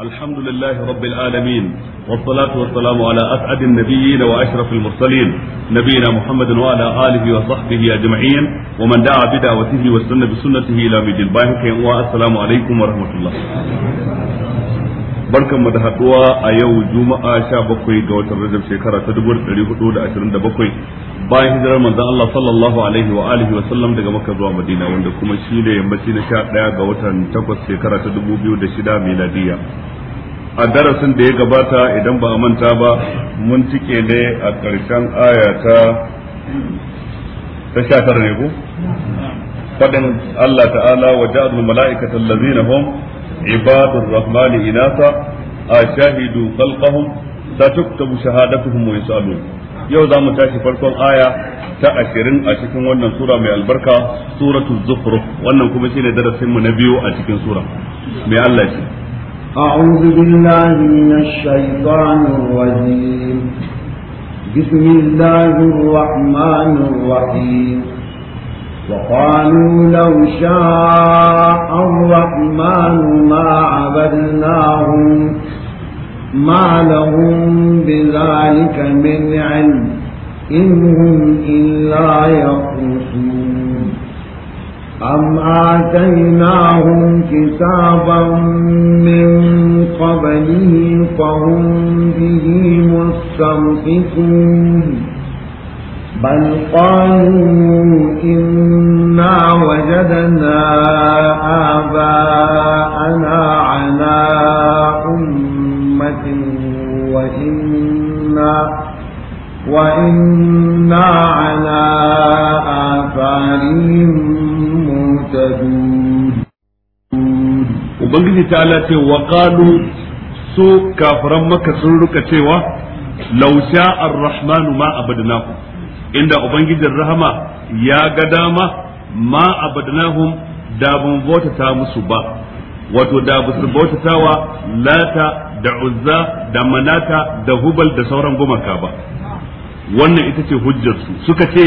الحمد لله رب العالمين والصلاة والسلام على أسعد النبيين وأشرف المرسلين نبينا محمد وعلى آله وصحبه أجمعين ومن دعا بدعوته والسنة بسنته إلى مجد الباهك والسلام عليكم ورحمة الله barkan mu da haduwa a yau juma'a 17 ga watan Rajab shekara ta 1427 bayan hijirar manzon Allah sallallahu alaihi wa alihi wa sallam daga maka zuwa Madina wanda kuma shi ne yammaci na sha daya ga watan takwas shekara ta dubu biyu da mai miladiya a darasin da ya gabata idan ba a manta ba mun cike ne a ƙarshen aya ta ta tara ne ko fadin Allah ta'ala wa ja'alul mala'ikata allazina hum ibadur rahmani inasa ashahidu khalqahum satuktabu shahadatuhum wa yusalun yau za mu tashi farkon aya ta ashirin a cikin wannan sura mai albarka suratul zukhruf wannan kuma shine darasin mu na biyu a cikin sura mai Allah ce أعوذ بالله من الشيطان الرجيم بسم الله الرحمن الرحيم وقالوا لو شاء الرحمن ما عبدناهم ما لهم بذلك من علم إن هم إلا يخرصون أم آتيناهم كتابا من قبله فهم به مستمسكون بل قالوا إنا وجدنا آباءنا على أمة وإنا وإنا على آثارهم مهتدون Ubangiji ta ce wa ƙalu su maka sun ruka cewa lausha ar-rahmanu ma abadnaku inda ubangijin rahama ya ga dama ma abadnahum da bun bautata musu ba wato da basu bautatawa lata da uzza da manata da hubal da sauran gumaka ba wannan ita ce hujjarsu suka ce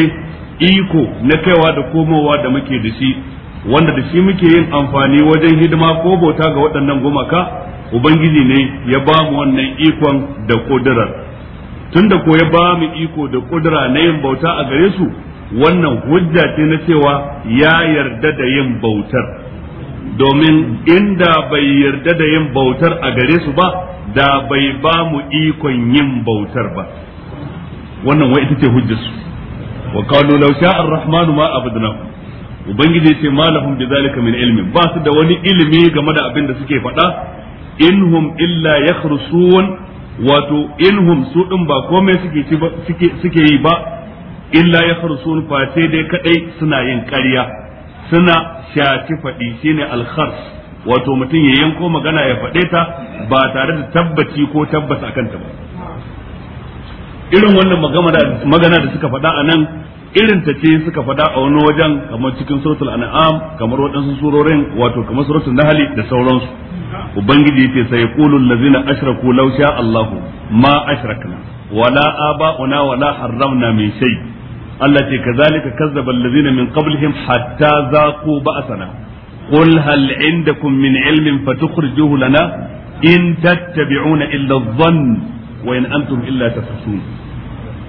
iko na kaiwa da komowa da muke da shi wanda da shi muke yin amfani wajen hidima ko bauta ga waɗannan gumaka ubangiji ne ya ba mu wannan ikon da kudurar tunda ko ya ba mu iko da kudura na yin bauta a gare su wannan hujja ce na cewa ya yarda da yin bautar domin inda bai yarda da yin bautar a gare su ba da bai ba mu ikon yin bautar ba wannan wai ita ce hujjarsu wa qalu law sha'a ar-rahmanu ma abadna ubangiji ce malahum zalika min ilmin ba su da wani ilimi game da abin da suke faɗa in hum illa yakhrusun wato inhum su din ba komai suke suke suke yi ba illa ya kharsun face dai kadai suna yin ƙarya suna shaci faɗi shine alkhars wato mutum ya yanko magana ya faɗe ta ba tare da tabbaci ko tabbata kanta ba irin wannan magana da suka faɗa a nan irin ta ce suka faɗa a wani wajen kamar cikin suratul an'am kamar waɗansu surorin wato kamar suratul hali da sauransu ubangiji yace sai qulul ladzina ashraku law sha Allahu ma ashrakna wala aba'una wala harramna min shay Allah ce kazalika kazzaba allazina min qablihim hatta zaqu ba'sana qul hal indakum min ilmin fatukhrijuhu lana in tattabi'una illa dhann wa in antum illa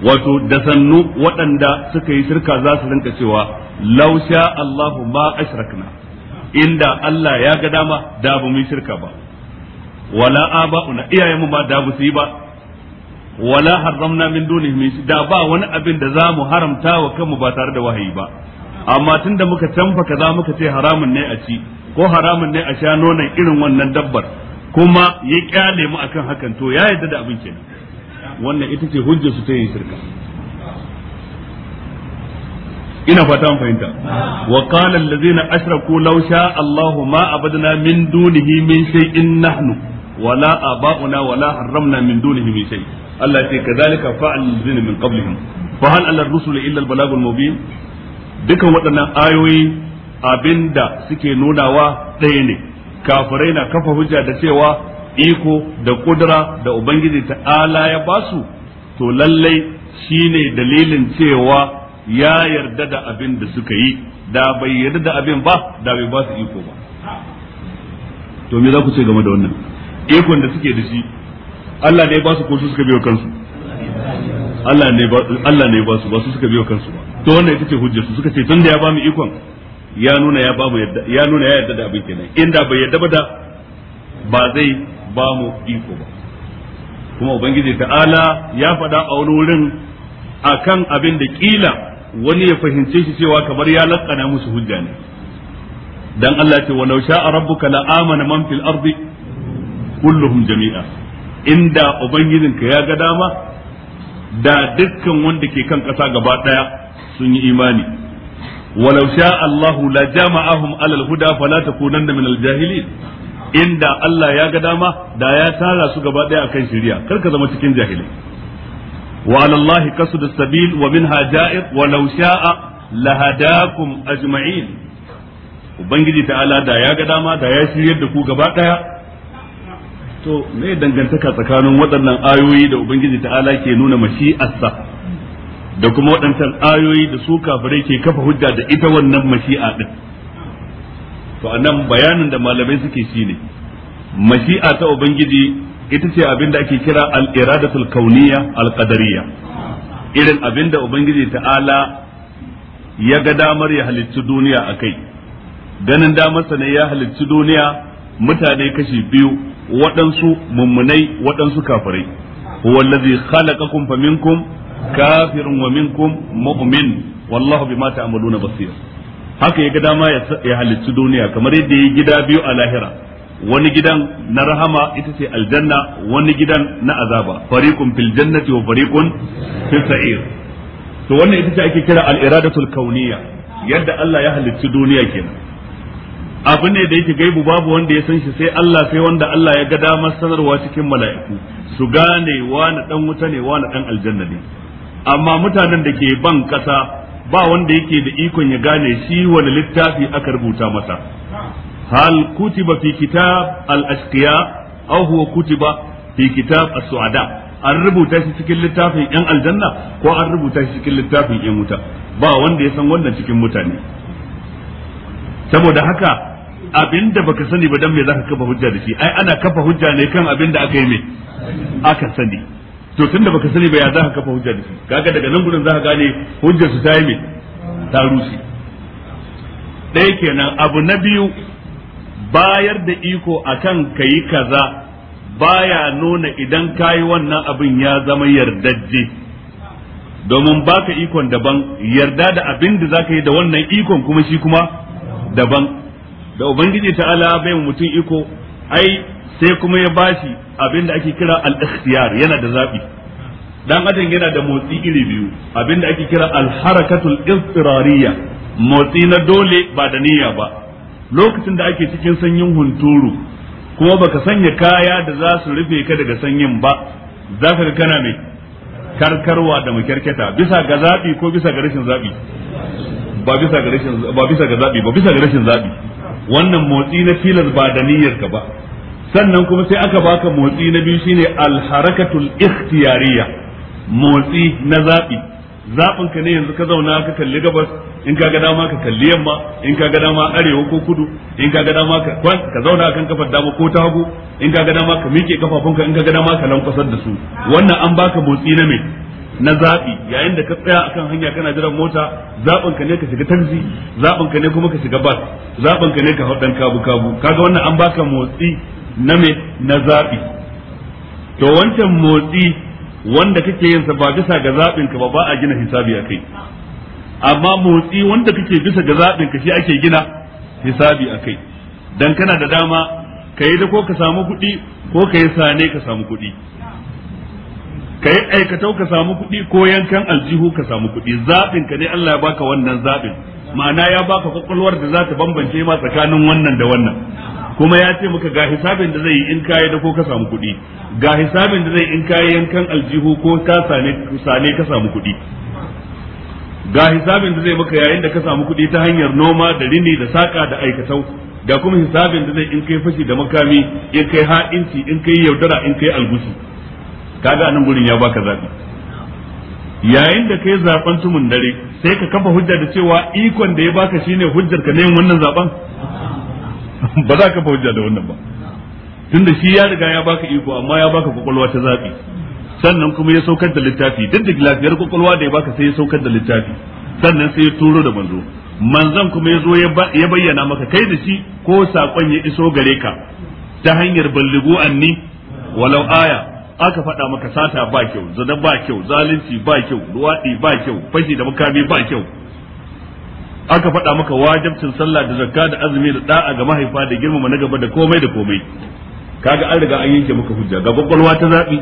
wato da sannu waɗanda suka yi shirka za su rinka cewa lausha Allahu ma ashrakna inda Allah ya ga dama da ba mu shirka ba wala aba'una iyayenmu ba da ba su yi ba wala haramna min dunihi min da ba wani abin da za mu haramta wa kanmu ba tare da wahayi ba amma tunda muka canfa kaza muka ce haramun ne a ci ko haramun ne a sha nonon irin wannan dabbar kuma ya kyale mu akan hakan to ya yarda da abin kenan wannan ita ce hujjar su ta yi shirka ina fata an fahimta wa qala allazina ashraku law sha Allahu ma abadna min dunihi min shay'in nahnu wala aba'una wala harramna min dunihi min shay Allah ce kadhalika fa'al allazina min qablihim fa hal ala rusul illa al-balagh al-mubin dukan waɗannan ayoyi abinda suke nunawa ɗaya ne kafirai na kafa hujja da cewa iko da kudura da ubangiji ta'ala ya basu to lallai shine dalilin cewa ya yarda da abin da suka yi da bai yarda da abin ba da bai ba su iko ba to me za ku ce game da wannan ikon da suke da shi Allah ne ba su ko su suka biyo kansu Allah ne ba Allah ne ba su ba su suka biyo kansu ba to wannan ita ce hujjar su suka ce tun da ya ba mu ikon ya nuna ya ba mu yarda ya nuna ya yarda da abin kenan inda bai yarda ba da ba zai ba mu iko ba kuma ubangiji ta'ala ya faɗa a wani wurin akan abin da kila wani ya fahimce shi cewa kamar ya lakana musu hujja ne dan Allah ce walau sha'a rabbuka la amana man fil ardi kulluhum jami'a inda ubangijinka ya ga dama da dukkan wanda ke kan ƙasa gaba ɗaya sun yi imani walau sha Allahu la jama'ahum alal huda fala takunanna minal jahilin inda Allah ya ga dama da ya tara su gaba daya akan shari'a kar ka zama cikin jahili wa alallahi qasd sabil wa minha ja'ir wa law sha'a lahadakum ajma'in ubangiji ta'ala da ya ga dama da ya shiryar da ku gaba daya to me dangantaka tsakanin waɗannan ayoyi da ubangiji ta'ala ke nuna mashi'arsa da kuma waɗancan ayoyi da su kafirai ke kafa hujja da ita wannan mashi'a din to anan bayanin da malamai suke shine mashi'a ta ubangiji ita ce abin da ake kira al-iradatul kauniyya al-qadariyya irin abin da ubangiji ta'ala ya ga damar ya halicci duniya a kai ganin damarsa ne ya halicci duniya mutane kashi biyu waɗansu mummunai waɗansu kafirai wallazi allazi khalaqakum faminkum kafirun wa minkum mu'min wallahu bima ta'maluna basir haka ya ga dama ya halicci duniya kamar yadda ya gida biyu a lahira wani gidan na rahama ita ce aljanna wani gidan na azaba fariqun fil jannati wa fariqun fil sa'ir to wannan ita ce ake kira al iradatul kauniyya yadda Allah ya halicci duniya kenan abin ne da yake gaibu babu wanda ya san shi sai Allah sai wanda Allah ya ga damar sanarwa cikin mala'iku su gane wani dan wuta ne wani dan aljanna ne amma mutanen da ke ban kasa ba wanda yake da ikon ya gane shi wani littafi aka rubuta masa hal kutiba fi kitab al ashqiya aw huwa kutiba fi kitab as suada an rubuta shi cikin littafin yan aljanna ko an rubuta shi cikin littafin yan wuta ba wanda ya san wannan cikin mutane saboda haka abinda baka sani ba dan me zaka kafa hujja da shi ai ana kafa hujja ne kan abinda aka yi me aka sani to tunda baka sani ba ya za ka kafa hujja da shi kaga daga nan gudun za ka gane hujjar su ta yi me ta rushe ɗaya kenan abu na biyu bayar da iko akan kayi kaza baya nuna idan kayi wannan abin ya zama yardajje domin baka ikon daban yarda da abin da zaka yi da wannan ikon kuma shi kuma daban da ubangiji ta'ala bai mutum iko ai sai kuma ya bashi abin da ake kira al-ikhtiyar yana da zabi dan adam yana da motsi iri biyu abin da ake kira al-harakatul istirariya motsi na dole ba da niyya ba lokacin da ake cikin sanyin hunturu kuma baka sanya kaya da za su rufe ka daga sanyin ba za ka kana mai karkarwa da makyarketa bisa ga zabi ko bisa ga rashin zabi ba bisa ga rashin ba bisa ga zabi ba bisa ga rashin zabi wannan motsi na tilas ba da niyyar ka ba sannan kuma sai aka baka motsi na biyu shine alharakatul ikhtiyariya motsi na zaɓi zabin ka ne yanzu ka zauna ka kalli gabas in ka ga dama ka kalli yamma in ka ga dama arewa ko kudu in ka ga dama ka ka zauna kan kafar dama ko ta hagu in ka ga dama ka miƙe kafafunka in ka ga dama ka lankwasar da su wannan an baka motsi na me na zaɓi yayin da ka tsaya akan hanya kana jiran mota zabin ka ne ka shiga taxi zabin ka ne kuma ka shiga bas zabin ka ne ka hau kabu kabu kaga wannan an baka motsi na me na zaɓi to wancan motsi wanda kake yin sa ba bisa ga zaɓin ka ba ba a gina hisabi a kai amma motsi wanda kake bisa ga zaɓin ka shi ake gina hisabi a kai dan kana da dama ka yi da ko ka samu kuɗi ko ka yi sane ka samu kuɗi ka yi aikatau ka samu kuɗi ko yankan aljihu ka samu kuɗi zaɓin ka ne Allah ya baka wannan zaɓin ma'ana ya baka kwakwalwar da za ta bambance ma tsakanin wannan da wannan kuma ya ce maka ga hisabin da zai yi in kayi da ko ka samu kuɗi ga hisabin da zai in kayi yankan aljihu ko ka sane ka samu kuɗi ga hisabin da zai maka yayin da ka samu kuɗi ta hanyar noma da rini da saƙa da aikatau ga kuma hisabin da zai in kai fashi da makami in kai ha'inci in kai yaudara in kai Ka kaga anan gurin ya baka zabi yayin da kai zaben tumun dare sai ka kafa hujja da cewa ikon da ya baka shine hujjar ka ne wannan zaben ba za ka hujja da wannan ba tunda shi ya riga ya baka iko amma ya baka kwakwalwa ta zabi sannan kuma ya saukar da littafi duk da lafiyar kwakwalwa da ya baka sai ya saukar da littafi sannan sai ya turo da manzo manzon kuma ya zo ya bayyana maka kai da shi ko sakon ya iso gare ka ta hanyar balligu anni walau aya aka faɗa maka sata ba kyau zada ba kyau zalunci ba kyau luwaɗi ba kyau fashi da makami ba kyau aka faɗa maka wajibcin sallah da zakka da azumi da da'a ga mahaifa da girmama na gaba da komai da komai kaga an riga an yanke maka hujja ga kwakwalwa ta zabi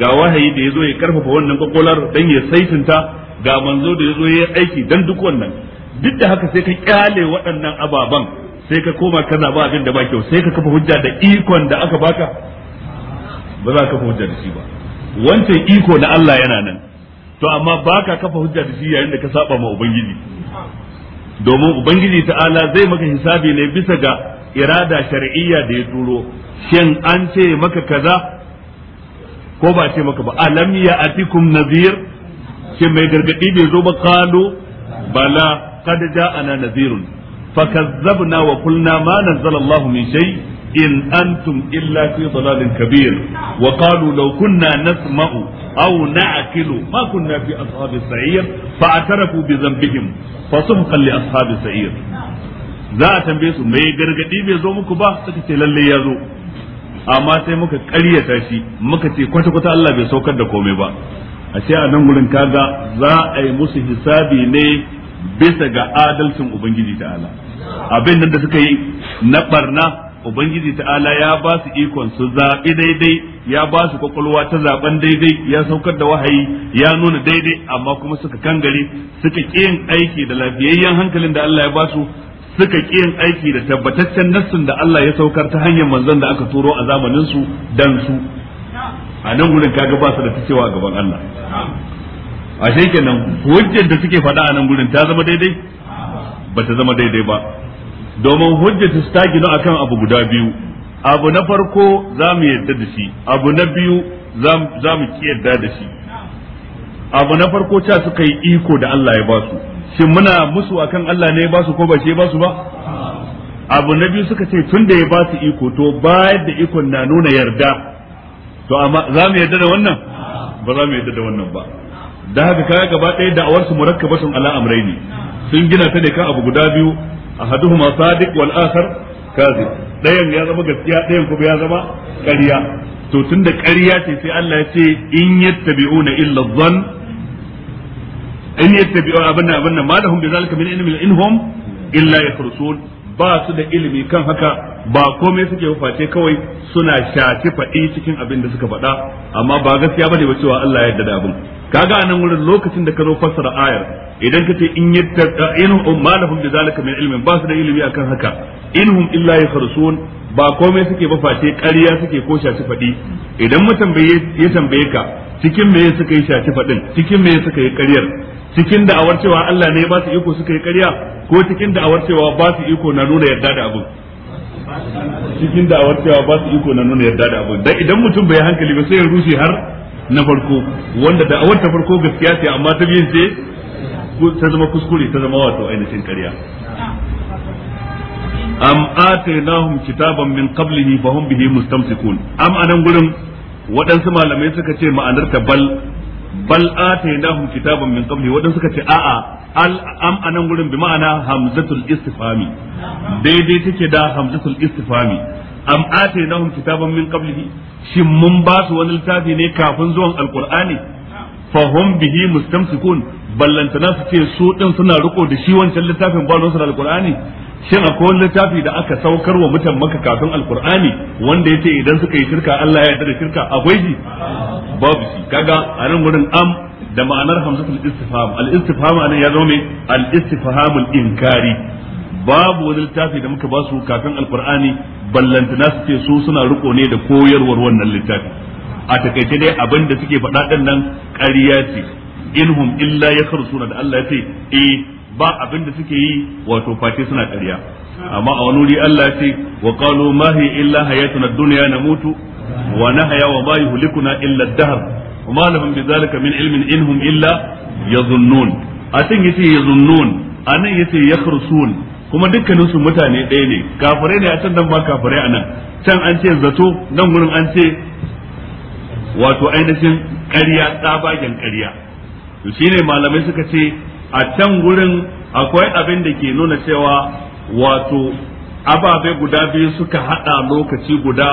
ga wahayi da yazo ya karfafa wannan kwakwalwar dan ya saitinta ga manzo da yazo ya aiki dan duk wannan duk da haka sai ka kyale waɗannan ababan sai ka koma kana ba abin da ba kyau sai ka kafa hujja da ikon da aka baka ba za ka kafa hujja da shi ba wancan iko na Allah yana nan to amma baka kafa hujja da shi yayin da ka saba ma ubangiji domin ubangiji ta'ala zai maka hisabi ne bisa ga irada shar'iyya da ya turo shin an ce maka kaza ko ba ce maka ba alam ya atikum nazir ce mai gargadi bai zo ba kalo bala kad ja'ana nazirun fakazzabna wa qulna ma nazzala Allahu min shay' in antum illa fi dalalin kabir wa qalu law kunna nasma'u aw na ma kunna fi ashabi sa'ir fa atarafu bi dhanbihim fa suhqan li ashabi sa'ir za a tambaye su mai gargadi bai zo muku ba suka ce lalle ya zo amma sai muka ƙaryata shi muka ce kwata-kwata Allah bai saukar da komai ba a ce a nan wurin kaga za a yi musu hisabi ne bisa ga adalcin ubangiji ta'ala abin nan da suka yi na barna ubangiji ta'ala ya ba su ikon su zaɓi daidai ya ba su kwakwalwa ta zaɓen daidai ya saukar da wahayi ya nuna daidai amma kuma suka kangare suka yin aiki da lafiyayyen hankalin da Allah ya ba su suka yin aiki da tabbataccen nassin da Allah ya saukar ta hanyar manzon da aka turo a zamanin su dan su a nan gurin kaga ba su da ta cewa gaban Allah A kenan hujjar da suke faɗa a nan gurin ta zama daidai ba ta zama daidai ba domin hujjatu ta gino akan abu guda biyu abu na farko za mu yarda da shi abu na biyu za mu ki yarda da shi abu na farko ta suka yi iko da Allah ya basu shin muna musu akan Allah ne ya basu ko ba shi ya basu ba abu na biyu suka ce tun da ya basu iko to bayar da ikon na nuna yarda to amma za mu yarda da wannan ba za mu yarda da wannan ba da haka kaga gaba ɗaya da'awar su murakkabatun ala amrayni sun gina ta ne kan abu guda biyu ahaduhuma sadiq wal akhar kazi dayan ya zama gaskiya dayan kuma ya zama ƙarya to tunda ƙarya ce sai Allah ya ce in yattabi'una illa dhann in yattabi'u abinna abinna ma lahum bi zalika min ilmin in hum illa yakhrusun ba su da ilimi kan haka ba komai suke face kawai suna shafi faɗi cikin abin da suka faɗa amma ba gaskiya bane ba cewa Allah ya yarda da abin kaga anan wurin lokacin da ka zo fassara ayar idan ka ce in yatta in malahum bi zalika min ilmin ba su da ilimi akan haka in hum illa yakhrusun ba komai suke ba face ƙarya suke ko shaci faɗi idan mu tambaye ya tambaye ka cikin me suka yi shaci faɗin cikin me suka yi ƙaryar cikin da'awar cewa Allah ne ba su iko suka yi ƙarya ko cikin da'awar cewa ba su iko na nuna yarda da abin cikin da'awar cewa ba su iko na nuna yarda da abin dan idan mutum bai hankali ba sai ya rushe har na farko wanda da'awar ta farko gaskiya ce amma ta biyin ce ta zama kuskure ta zama wato ainihin ƙarya am atainahum kitaban min qablihi fahum bihi mustamsikun am anan gurin waɗansu malamai suka ce ma'anar ta bal bal atainahum kitaban min qabli waɗansu suka ce a'a al am anan gurin bi ma'ana hamzatul istifami daidai take da hamzatul istifami am atainahum kitaban min qablihi shin mun ba su wani littafi ne kafin zuwan alqur'ani fahum bihi mustamsikun ballantana su ce su din suna riko da shi wancan littafin ba da alkur'ani shin akwai wani littafi da aka saukar wa mutan maka kafin alkur'ani wanda ya ce idan suka yi shirka Allah ya yarda da shirka akwai shi babu shi kaga a nan wurin am da ma'anar hamzatul istifham al istifham anan ya zo ne al istifhamul inkari babu wani littafi da muka ba su kafin alkur'ani ballantana su ce su suna riko ne da koyarwar wannan littafi a takaice dai abin da suke faɗa nan ƙarya ce In hum illa ya yakhrusuna da Allah ya ce eh ba abin da suke yi wato face suna ƙarya amma a wani wuri Allah ya ce wa qalu ma hi illa hayatuna dunya namutu wa nahya wa ma yuhlikuna illa ad-dahr wa ma lahum bidhalika min ilmin in hum illa yazunnun a can yace yazunnun anan yace yakhrusun kuma dukkanin su mutane ɗaya ne kafare ne a can nan ba kafare a nan can an ce zato nan gurin an ce wato ainihin ƙarya tsabagen ƙarya to shine malamai suka ce a can gurin akwai abin da ke nuna cewa wato ababe guda biyu suka hada lokaci guda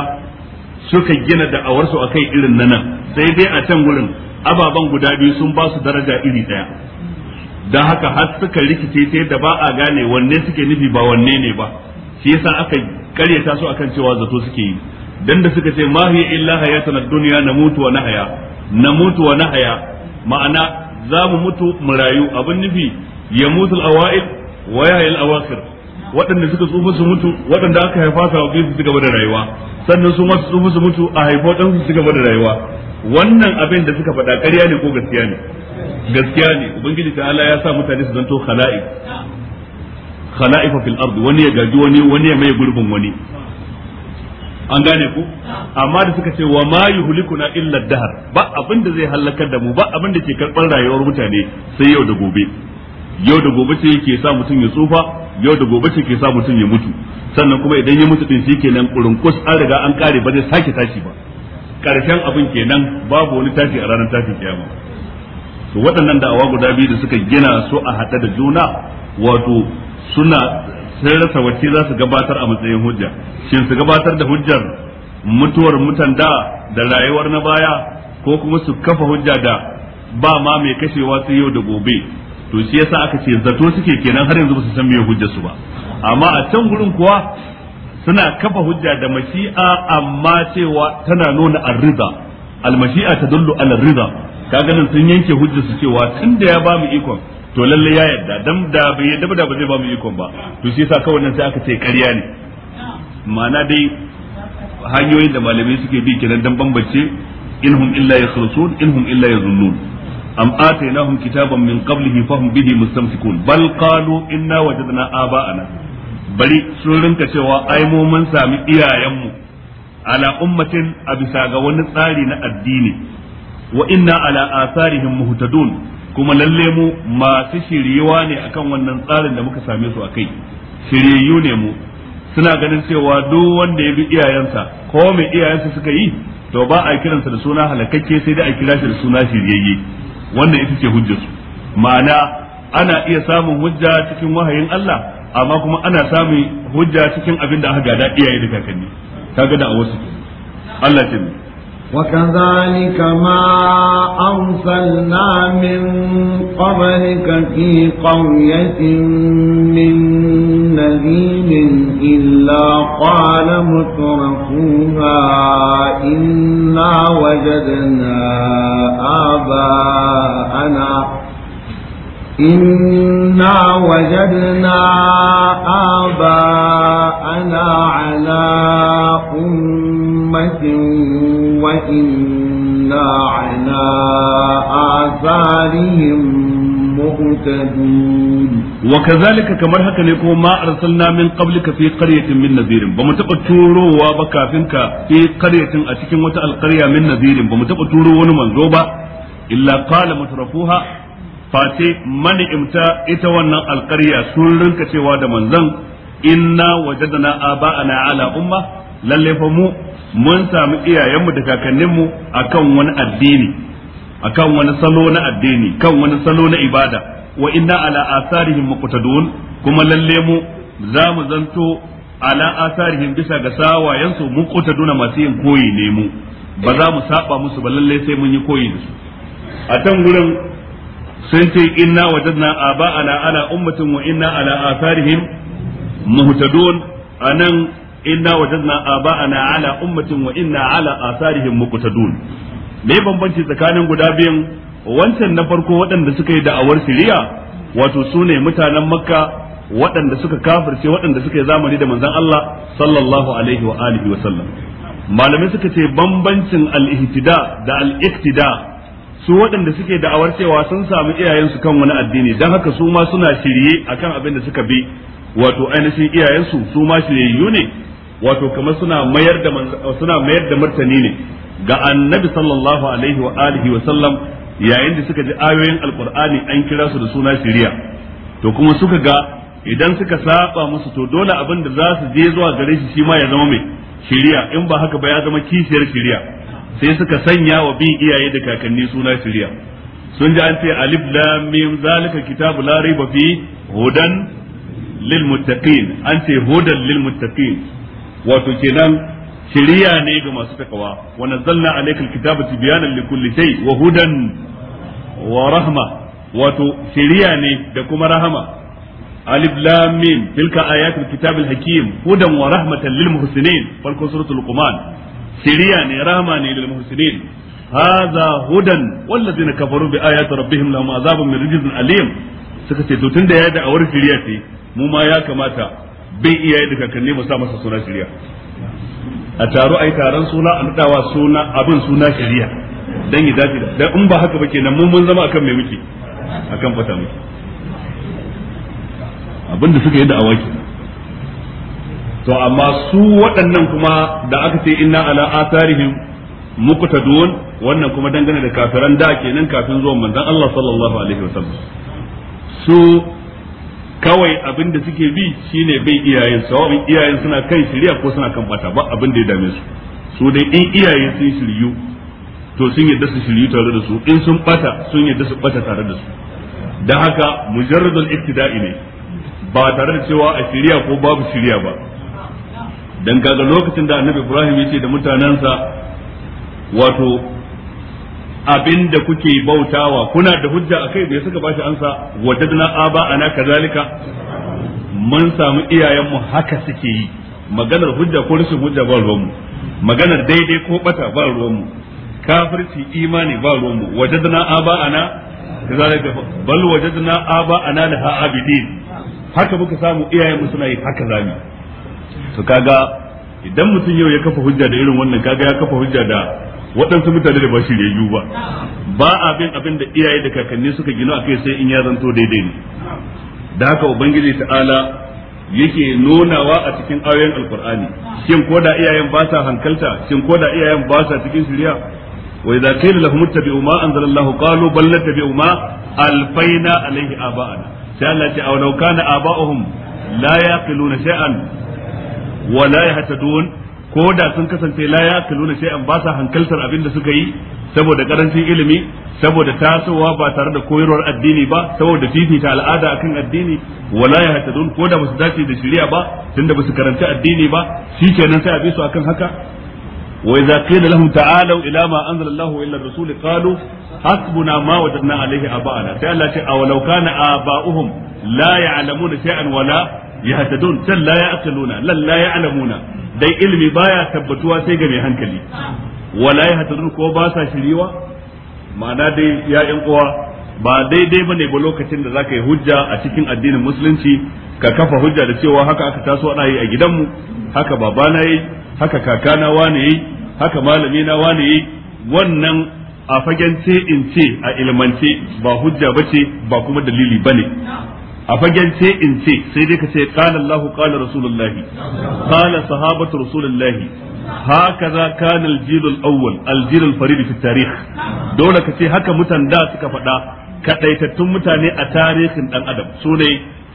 suka gina da a akai irin na nan sai dai a can gurin ababen guda biyu sun ba su daraja iri daya Da haka har suka rikice sai da ba a gane wanne suke nufi ba wanne ne ba shi yasa aka karyata su akan cewa zato suke yi dan da suka ce ma illa hayatun ad-dunya namutu wa nahya namutu wa nahya ma'ana za mu mutu mu rayu abin nufi ya mutu awa'il wa ya hayal awakhir waɗanda suka tsufa su mutu waɗanda aka haifa sababbi su gaba da rayuwa sannan su masu tsufa su mutu a haifa waɗansu su gaba da rayuwa wannan abin da suka faɗa ƙarya ne ko gaskiya ne gaskiya ne ubangiji ta Ala ya sa mutane su zanto khala'i khala'ifa fil ardi wani ya gaji wani wani ya mai gurbin wani an gane ku amma da suka ce wa ma yuhlikuna illa dahar ba abin da zai halakar da mu ba abin da ke karban rayuwar mutane sai yau da gobe yau da gobe ce ke sa mutum ya tsufa yau da gobe ce ke sa mutum ya mutu sannan kuma idan ya mutu din shi kenan kurunkus an riga an kare ba zai sake tashi ba karshen abin kenan babu wani tashi a ranar tashin kiyama to waɗannan da'awa guda biyu da suka gina su a hada da juna wato suna sai rasa wacce za su gabatar a matsayin hujja shin su gabatar da hujjar mutuwar mutan da da rayuwar na baya ko kuma su kafa hujja da ba ma mai kashewa su yau da gobe to shi yasa aka ce zato suke kenan har yanzu ba su san me hujjar su ba amma a can gurin kuwa suna kafa hujja da mashi'a amma cewa tana nuna arriza almashi'a tadullu ala arriza kaga nan sun yanke hujjar su cewa tunda ya ba mu ikon to lalle ya yadda dan da bai yarda da ba zai ba mu ikon ba to shi yasa kawai nan sai aka ce ƙarya ne ma'ana dai hanyoyin da malamai suke bi kenan dan bambance inhum illa yakhrusun inhum illa yazunnun am atainahum kitaban min qablihi fahum bihi mustamsikun bal qalu inna wajadna aba'ana bari sun rinka cewa ai mu mun sami iyayenmu ala ummatin a bisa ga wani tsari na addini wa inna ala asarihim muhtadun kuma lalle mu masu shiriyewa ne akan wannan tsarin da muka same su akai shiriyu ne mu suna ganin cewa duk wanda ya bi iyayensa ko mai iyayensa suka yi to ba a kiransa da suna halakakke sai dai a kira shi da suna shiryayye wannan ita ce hujjarsu ma'ana ana iya samun hujja cikin wahayin Allah amma kuma ana samun hujja cikin abin da aka gada iyaye da kakanni kaga da a wasu Allah ce وكذلك ما أرسلنا من قبلك في قرية من نذير إلا قال مترفوها إنا وجدنا آباءنا إنا وجدنا آباءنا على أمة رحمة وإنا على آثارهم مهتدون وكذلك كما هكا نيكو ما أرسلنا من قبلك في قرية من نذير بمتقى تورو وبكافنك في قرية أتكين وتأ القرية من نذير بمتقى تورو ونمان زوبا إلا قال مترفوها face mani'imta ita wannan alkarya sun rinka cewa da manzon inna wajadna aba'ana ala umma lalle fa mu mun samu iyayenmu da kakanninmu akan wani addini akan wani salo na addini kan wani salo na ibada wa inna ala asarihim muqtadun kuma lalle mu za mu zanto ala asarihim bisa ga sawayensu muqtaduna masu yin koyi ne mu ba za mu saba musu ba lalle sai mun yi koyi da su a can gurin sun ce inna wajadna aba'ana ala ummatin wa inna ala asarihim muhtadun anan inna wajadna aba'ana ala ummatin wa inna ala asarihim muqtadun me bambanci tsakanin guda biyan wancan na farko waɗanda suka yi da'awar siriya wato su ne mutanen makka waɗanda suka kafirce waɗanda suka yi zamani da manzon Allah sallallahu alaihi wa alihi wa sallam malamai suka ce bambancin al-ihtida da al-iktida su waɗanda suke da'awar cewa sun samu iyayensu kan wani addini don haka su ma suna shirye akan abin da suka bi wato ainihin iyayensu su ma shiryayyu ne wato kamar suna mayar da suna mayar da martani ne ga annabi sallallahu alaihi wa alihi wa sallam yayin da suka ji ayoyin alqur'ani an kira su da suna shiriya to kuma suka ga idan suka saba musu to dole abin da za su je zuwa gare shi shi ma ya zama mai shiriya in ba haka ba ya zama kishiyar shiriya sai suka sanya wa bin iyaye da kakanni suna shiriya sun ji an ce alif lam mim zalika kitabu la raiba fi hudan lil muttaqin an ce hudan lil muttaqin wato kenan shiriya ne ga masu takawa wa nazzalna alaykal kitaba tibyanan likulli shay wa hudan wa rahma wato shiriya ne da kuma rahama alif lam mim tilka ayatul kitabil hakim hudan wa rahmatan lil muhsinin farko suratul luqman shiriya ne rahama ne lil muhsinin هذا هدى والذين كفروا بآيات ربهم لهم عذاب min رجز أليم suka ce to tunda ya da awar shiriya ce mu ma ya kamata bai iyaye da kakanni mu sa masa suna shari'a a taro ai taron suna a nadawa suna abin suna shari'a dan ya dace da dan in ba haka ba kenan mu mun zama akan mai muke akan fata muke abin da suka yi da awaki to amma su waɗannan kuma da aka ce inna ala ta muqtadun wannan kuma dangane da kafiran da kenan kafin zuwan manzon Allah sallallahu alaihi wasallam su kawai abin da suke bi shine bai iyayen sawabin iyayen suna kan shirya ko suna kan bata ba abin da ya dame su su dai in iyayen sun shiryu to sun yadda su shiryu tare da su in sun bata sun yadda su bata tare da su dan haka mujarradul ibtida'i ne ba tare da cewa a shirya ko babu shirya ba dan kaga lokacin da annabi Ibrahim ya ce da mutanansa wato abin da kuke bautawa kuna da hujja akai bai suka bashi ansa wadadna aba ana kazalika mun samu iyayenmu haka suke yi maganar hujja ko rashin hujja ba ruwanmu maganar daidai ko bata ba ruwanmu kafirci imani ba ruwanmu wajadna aba ana kazalika bal wajadna aba ana laha abidin haka muka samu iyayenmu suna yi haka zami to kaga idan mutum yau ya kafa hujja da irin wannan kaga ya kafa hujja da waɗansu mutane da ba shi reyu ba ba a bin abin da iyaye da kakanni suka gina a kai sai in ya zanto daidai ne da haka ubangiji ta'ala yake nonawa a cikin ayoyin alkur'ani shin ko da iyayen ba sa hankalta shin ko da iyayen ba sa cikin shirya wa idza qila lahum ittabi'u ma anzalallahu qalu bal nattabi'u ma alfayna alayhi aba'ana sai Allah ce kana aba'uhum la yaqiluna shay'an wa la yahtadun ko da sun kasance la ya kaluna shay'an ba sa hankaltar abin da suka yi saboda karancin ilimi saboda tasowa ba tare da koyarwar addini ba saboda fifita al'ada akan addini wala ya don ko da basu dace da shari'a ba tunda basu karanci addini ba shikenan sai a bi su akan haka وإذا قيل لهم تعالوا إلى ما أنزل Allah إلا الرسول قالوا حسبنا ما وجدنا عليه آباءنا سأل أولو كان آباؤهم لا يعلمون شيئا ولا يهتدون سل لا يعقلون لن لا يعلمون dai ilimi baya tabbatuwa sai ga mai hankali wala ya hatarun ko ba sa shiriwa ma'ana dai ya yan uwa ba daidai bane ba lokacin da zaka yi hujja a cikin addinin musulunci ka kafa hujja da cewa haka aka taso ana yi a gidanmu haka babana yi haka kakana wane yi haka malami na wane yi wannan a fagen ce in ce a ilmance ba hujja bace ba kuma dalili bane a fagen ce in ce sai dai ka ce qala Allah qala rasulullah qala sahabatu rasulullah hakaza kana al-jil awwal fi tarikh dole ka ce haka mutan da suka faɗa kadaitattun mutane a tarihin dan adam su ne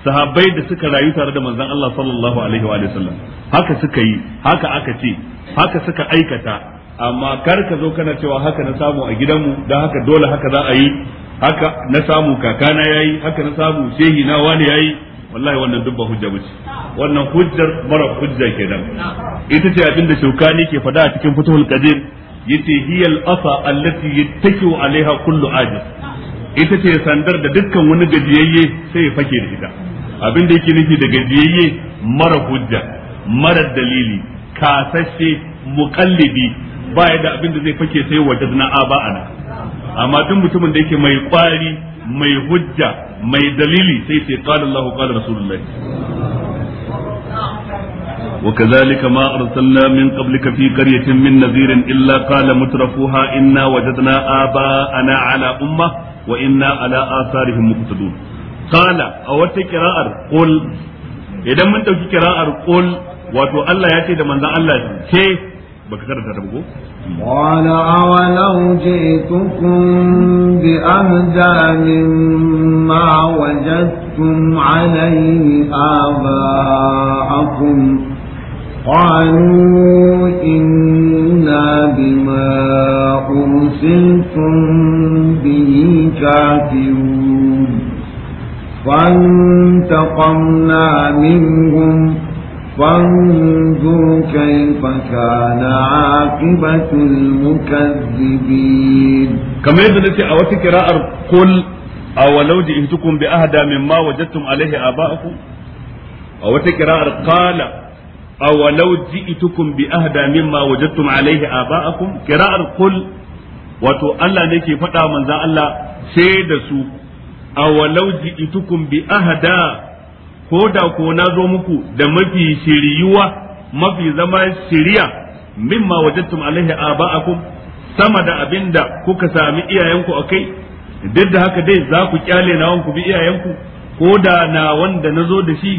sahabbai da suka rayu tare da manzon Allah sallallahu alaihi wa sallam haka suka yi haka aka ce haka suka aikata amma kar ka zo kana cewa haka na samu a gidanmu da haka dole haka za a yi haka na samu kakana yayi haka na samu shehi na wani yayi wallahi wannan dubban hujja bace wannan hujjar mara hujja kenan ita ce abin da shaukani ke fada a cikin fituhul qadir yace hiya al-asa allati yattakiu alaiha kullu ajiz ita ce sandar da dukkan wani gajiyayye sai ya fake da ita abin da yake nufi da gajiyayye mara hujja mara dalili kasashe muqallibi ba da abin da zai fake sai wajadna aba'ana amma duk mutumin da yake mai kwari mai hujja mai dalili sai sai qala Allahu qala rasulullahi وكذلك ما أرسلنا من قبلك في قرية من نذير إلا قال مترفوها إنا وجدنا آباءنا على أمة وإنا على آثارهم مقتدون قال أو قراءة قل إذا من تجي قراءة قل وتو الله يأتي من الله كيف baka karanta da bugo qala awalau ji'tukum bi ahda mimma wajadtum alayhi aba'akum قالوا إنا بما أرسلتم به كافرون فانتقمنا منهم فانظر كيف كان عاقبة المكذبين كما يدل أو قراءة قل أولو جئتكم بأهدى مما وجدتم عليه آباءكم أو قراءة قال أولو جئتكم بأهدى مما وجدتم عليه آباءكم قراءة قل wato Allah ne ke faɗa manzan Allah sai da su awalau ji'itukum bi ahada ko da ko na zo muku da mafi shiriyuwa mafi zama shiriya mimma wajattum alaihi aba'akum sama da abinda kuka sami iyayenku akai duk da haka dai za ku kyale nawan ku bi iyayenku ko da na wanda na zo da shi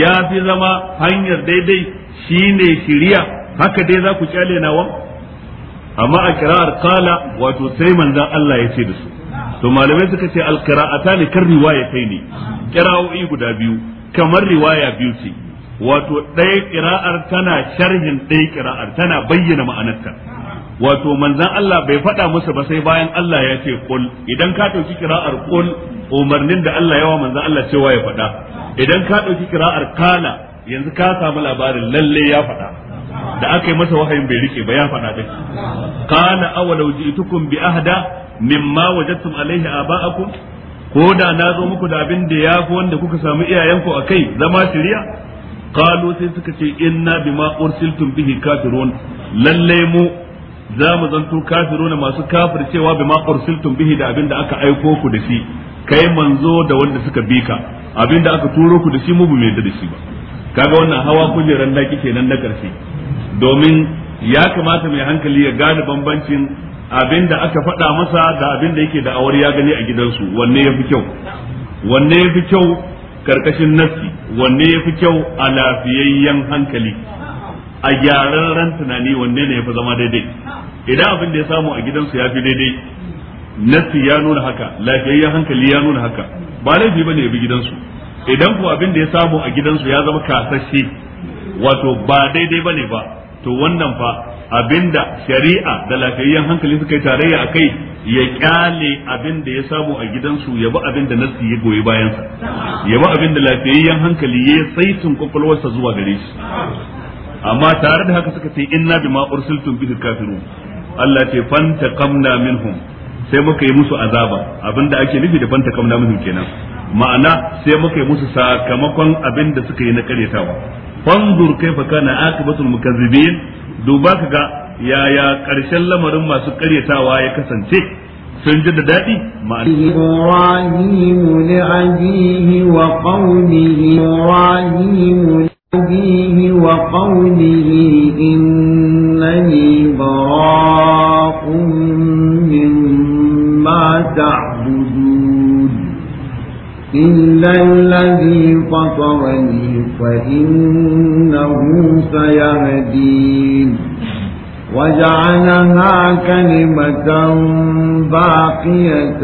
ya fi zama hanyar daidai shine shiriya haka dai za ku kyale nawan amma a kira'ar kala wato sai manzan Allah ya ce da su to malamai suka ce alkira'ata ne kan riwaya ne kira'o'i guda biyu kamar riwaya biyu ce wato ɗaya kira'ar tana sharhin ɗaya ƙira'ar tana bayyana ma'anarta wato manzan Allah bai faɗa musu ba sai bayan Allah ya ce kul idan ka ɗauki kira'ar kul umarnin da Allah yawa manzan Allah cewa ya faɗa idan ka ɗauki kira'ar kala yanzu ka samu labarin lalle ya faɗa da aka yi masa wahayin bai rike ba ya faɗa dai kana awalau ji'tukum bi ahda mimma wajadtum alaihi aba'akum ko da na zo muku da abin da ya fi wanda kuka samu iyayenku a kai zama shirya qalu sai suka ce inna bima ursiltum bihi kafirun lalle mu za mu zanto kafiruna masu kafircewa bima ursiltum bihi da abin da aka aiko ku da shi kai manzo da wanda suka bi ka abin da aka turo ku da shi mu bu mai da shi ba kaga wannan hawa kujeran daki kenan na karshe domin ya kamata mai hankali ya gane bambancin abin da aka faɗa masa da abin da yake da'awar ya gani a gidansu wanne ya fi kyau wanne ya fi kyau karkashin nassi wanne ya fi kyau a lafiyayyen hankali a gyararren tunani wanne ne ya fi zama daidai idan abin da ya samu a gidansu ya fi daidai nassi ya nuna haka lafiyayyen hankali ya nuna haka ba laifi bane ya bi gidansu idan ko abin da ya samu a gidansu ya zama kasashe wato ba daidai bane ba to wannan fa abinda shari'a da lafiyayyen hankali suka yi tarayya a kai ya kyale abin da ya samu a gidansu ya bi abin da nassi ya goyi bayansa ya bi abin da lafiyayyen hankali ya saitin kwakwalwarsa zuwa gare shi amma tare da haka suka ce inna bima ursiltum bihi kafiru, Allah ce fantaqamna minhum sai muka yi musu azaba abinda ake nufi da fantaqamna minhum kenan ma'ana sai muka yi musu sakamakon abin da suka yi na karyatawa fanzur kaifa kana akibatul mukazzibin duba ka ga yaya ƙarshen lamarin masu ƙaryatawa ya kasance sun ji da daɗi ma'ana Ibrahim li'abihi wa qaumihi Ibrahim أبيه وقوله in براء مما إلا الذي فطرني فإنه سيهدين وجعلها كلمة باقية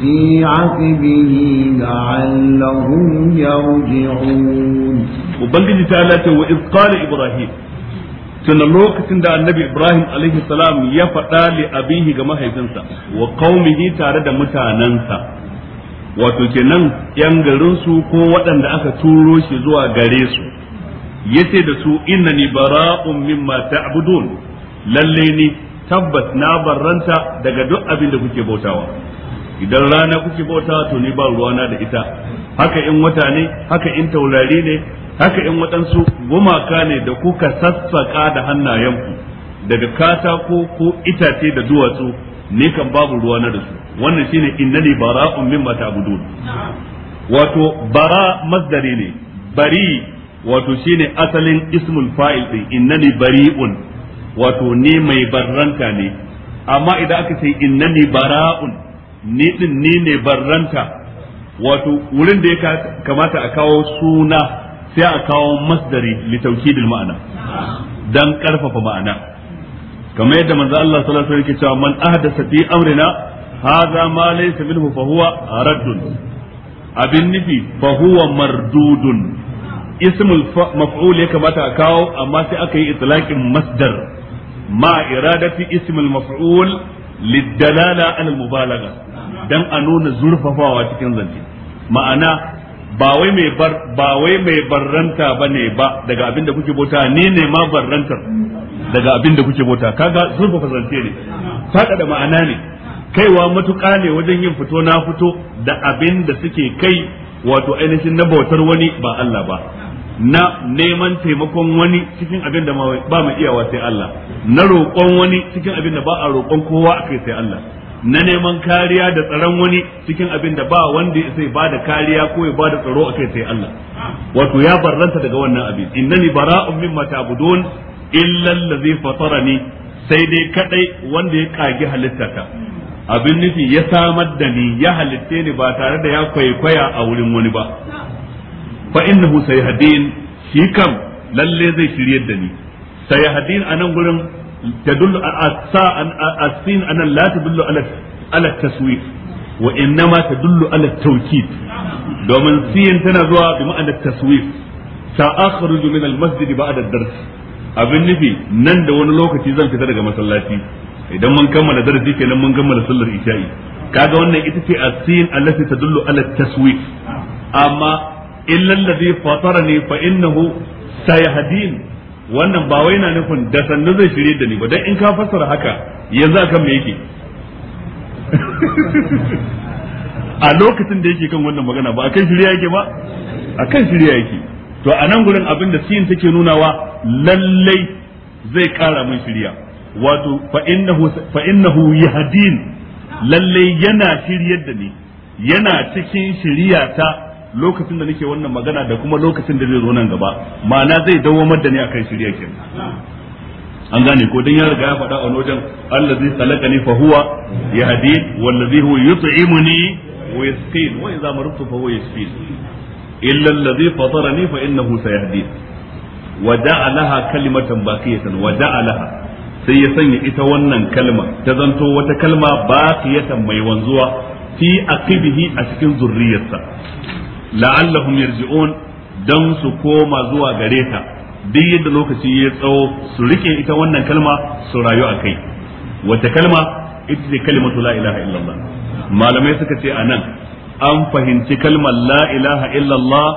في عقبه لعلهم يرجعون وبنجي تعالى وإذ قال إبراهيم tuna lokacin da annabi ibrahim alaihi salam ya faɗa li abihi ga mahaifinsa wa qaumihi tare da mutanansa wato kenan yan garin su ko waɗanda aka turo shi zuwa gare su yace da su ni bara'un mimma ta'budun lalle ni tabbas na barranta daga duk abin da kuke bautawa idan rana kuke bautawa to ni ba ruwana da ita haka in wata ne haka in taurari ne haka in waɗansu gumaka ne da kuka sassaƙa da hannayenku daga katako ko itace da duwatsu ni kan babu ruwana da su wannan shine innani bara'un mimma ta'budun wato bara masdari ne bari wato shine asalin ismul fa'il din innani bari'un wato ni mai barranta ne amma idan aka ce innani bara'un ni din ni ne barranta wato wurin da ya kamata a kawo suna sai a kawo masdari li tawkidil ma'ana dan karfafa ma'ana kamar yadda manzo Allah sallallahu alaihi wasallam yake cewa man ahdasa fi amrina hadha ma laysa minhu fa huwa raddun abin nufi fa huwa mardudun ismul maf'ul ya kamata a kawo amma sai aka yi itlaqin masdar ma iradati ismul maf'ul lidalala al mubalaga dan a nuna zurfafawa cikin zance ma'ana ba wai mai bar ba wai mai barranta bane ba daga abin da kuke bota ni ne ma barrantar daga abin da kuke bota kaga zurfafa zance ne fada da ma'ana ne kaiwa matuƙa ne wajen yin fito na fito da abin da suke kai wato ainihin na bautar wani ba Allah ba na neman taimakon wani cikin abin da ba mu iyawa sai Allah na roƙon wani cikin abin da ba a roƙon kowa a kai sai Allah na neman kariya da tsaron wani cikin abin da ba wanda sai ba da kariya ko ya ba da tsaro a kai sai Allah wato ya barranta daga wannan abin innani bara'un mimma ta'budun illa allazi fatarani sai dai kadai wanda ya kage halittata abin nufi ya samar da ni ya halitte ni ba tare da ya kwaikwaya a wurin wani ba fa innahu sayhadin shi kam lalle zai shiryar da ni sayhadin anan gurin tadullu asa an asin anan la tadullu ala ala taswif wa innama tadullu ala tawkid domin siyan tana zuwa bi ma'anar taswif sa akhruju min al-masjid ba'da ad-dars abin nufi nan da wani lokaci zan fita daga masallaci idan mun kammala darasi kenan mun kammala sallar isha'i kaga wannan ita ce asin allati tadullu ala taswif amma illa allazi fatarani fa innahu sayahdin wannan ba wai na nufin da sannu zai shirye da ni ba dan in ka fassara haka yanzu akan me yake a lokacin da yake kan wannan magana ba akan shirya yake ba akan shirya yake to a nan gurin abin da sin take nunawa lallai zai kara mun shirya wato fa innahu fa innahu yahdin lalle yana shiryar da ni yana cikin shiriya ta lokacin da nake wannan magana da kuma lokacin da zai zo nan gaba ma'ana zai dawamar da ni akan shirya kenan an gane ko dan ya riga ya faɗa a wajen Allah zai allazi salakani fa huwa yahdi wallazi huwa yut'imuni wa yasqin wa idza maridtu fa huwa yashfin illa allazi fatarani fa innahu sayahdin wa da'alaha kalimatan baqiyatan wa da'alaha sai ya sanya ita wannan kalma ta zanto wata kalma baqiyatan mai wanzuwa fi aqibihi a cikin zurriyarsa la'allahum yarji'un dan su koma zuwa gare ta duk yadda lokaci ya tsawo su rike ita wannan kalma su rayu a kai wata kalma ita ce kalmatu la ilaha illallah malamai suka ce anan an fahimci kalmar la ilaha illallah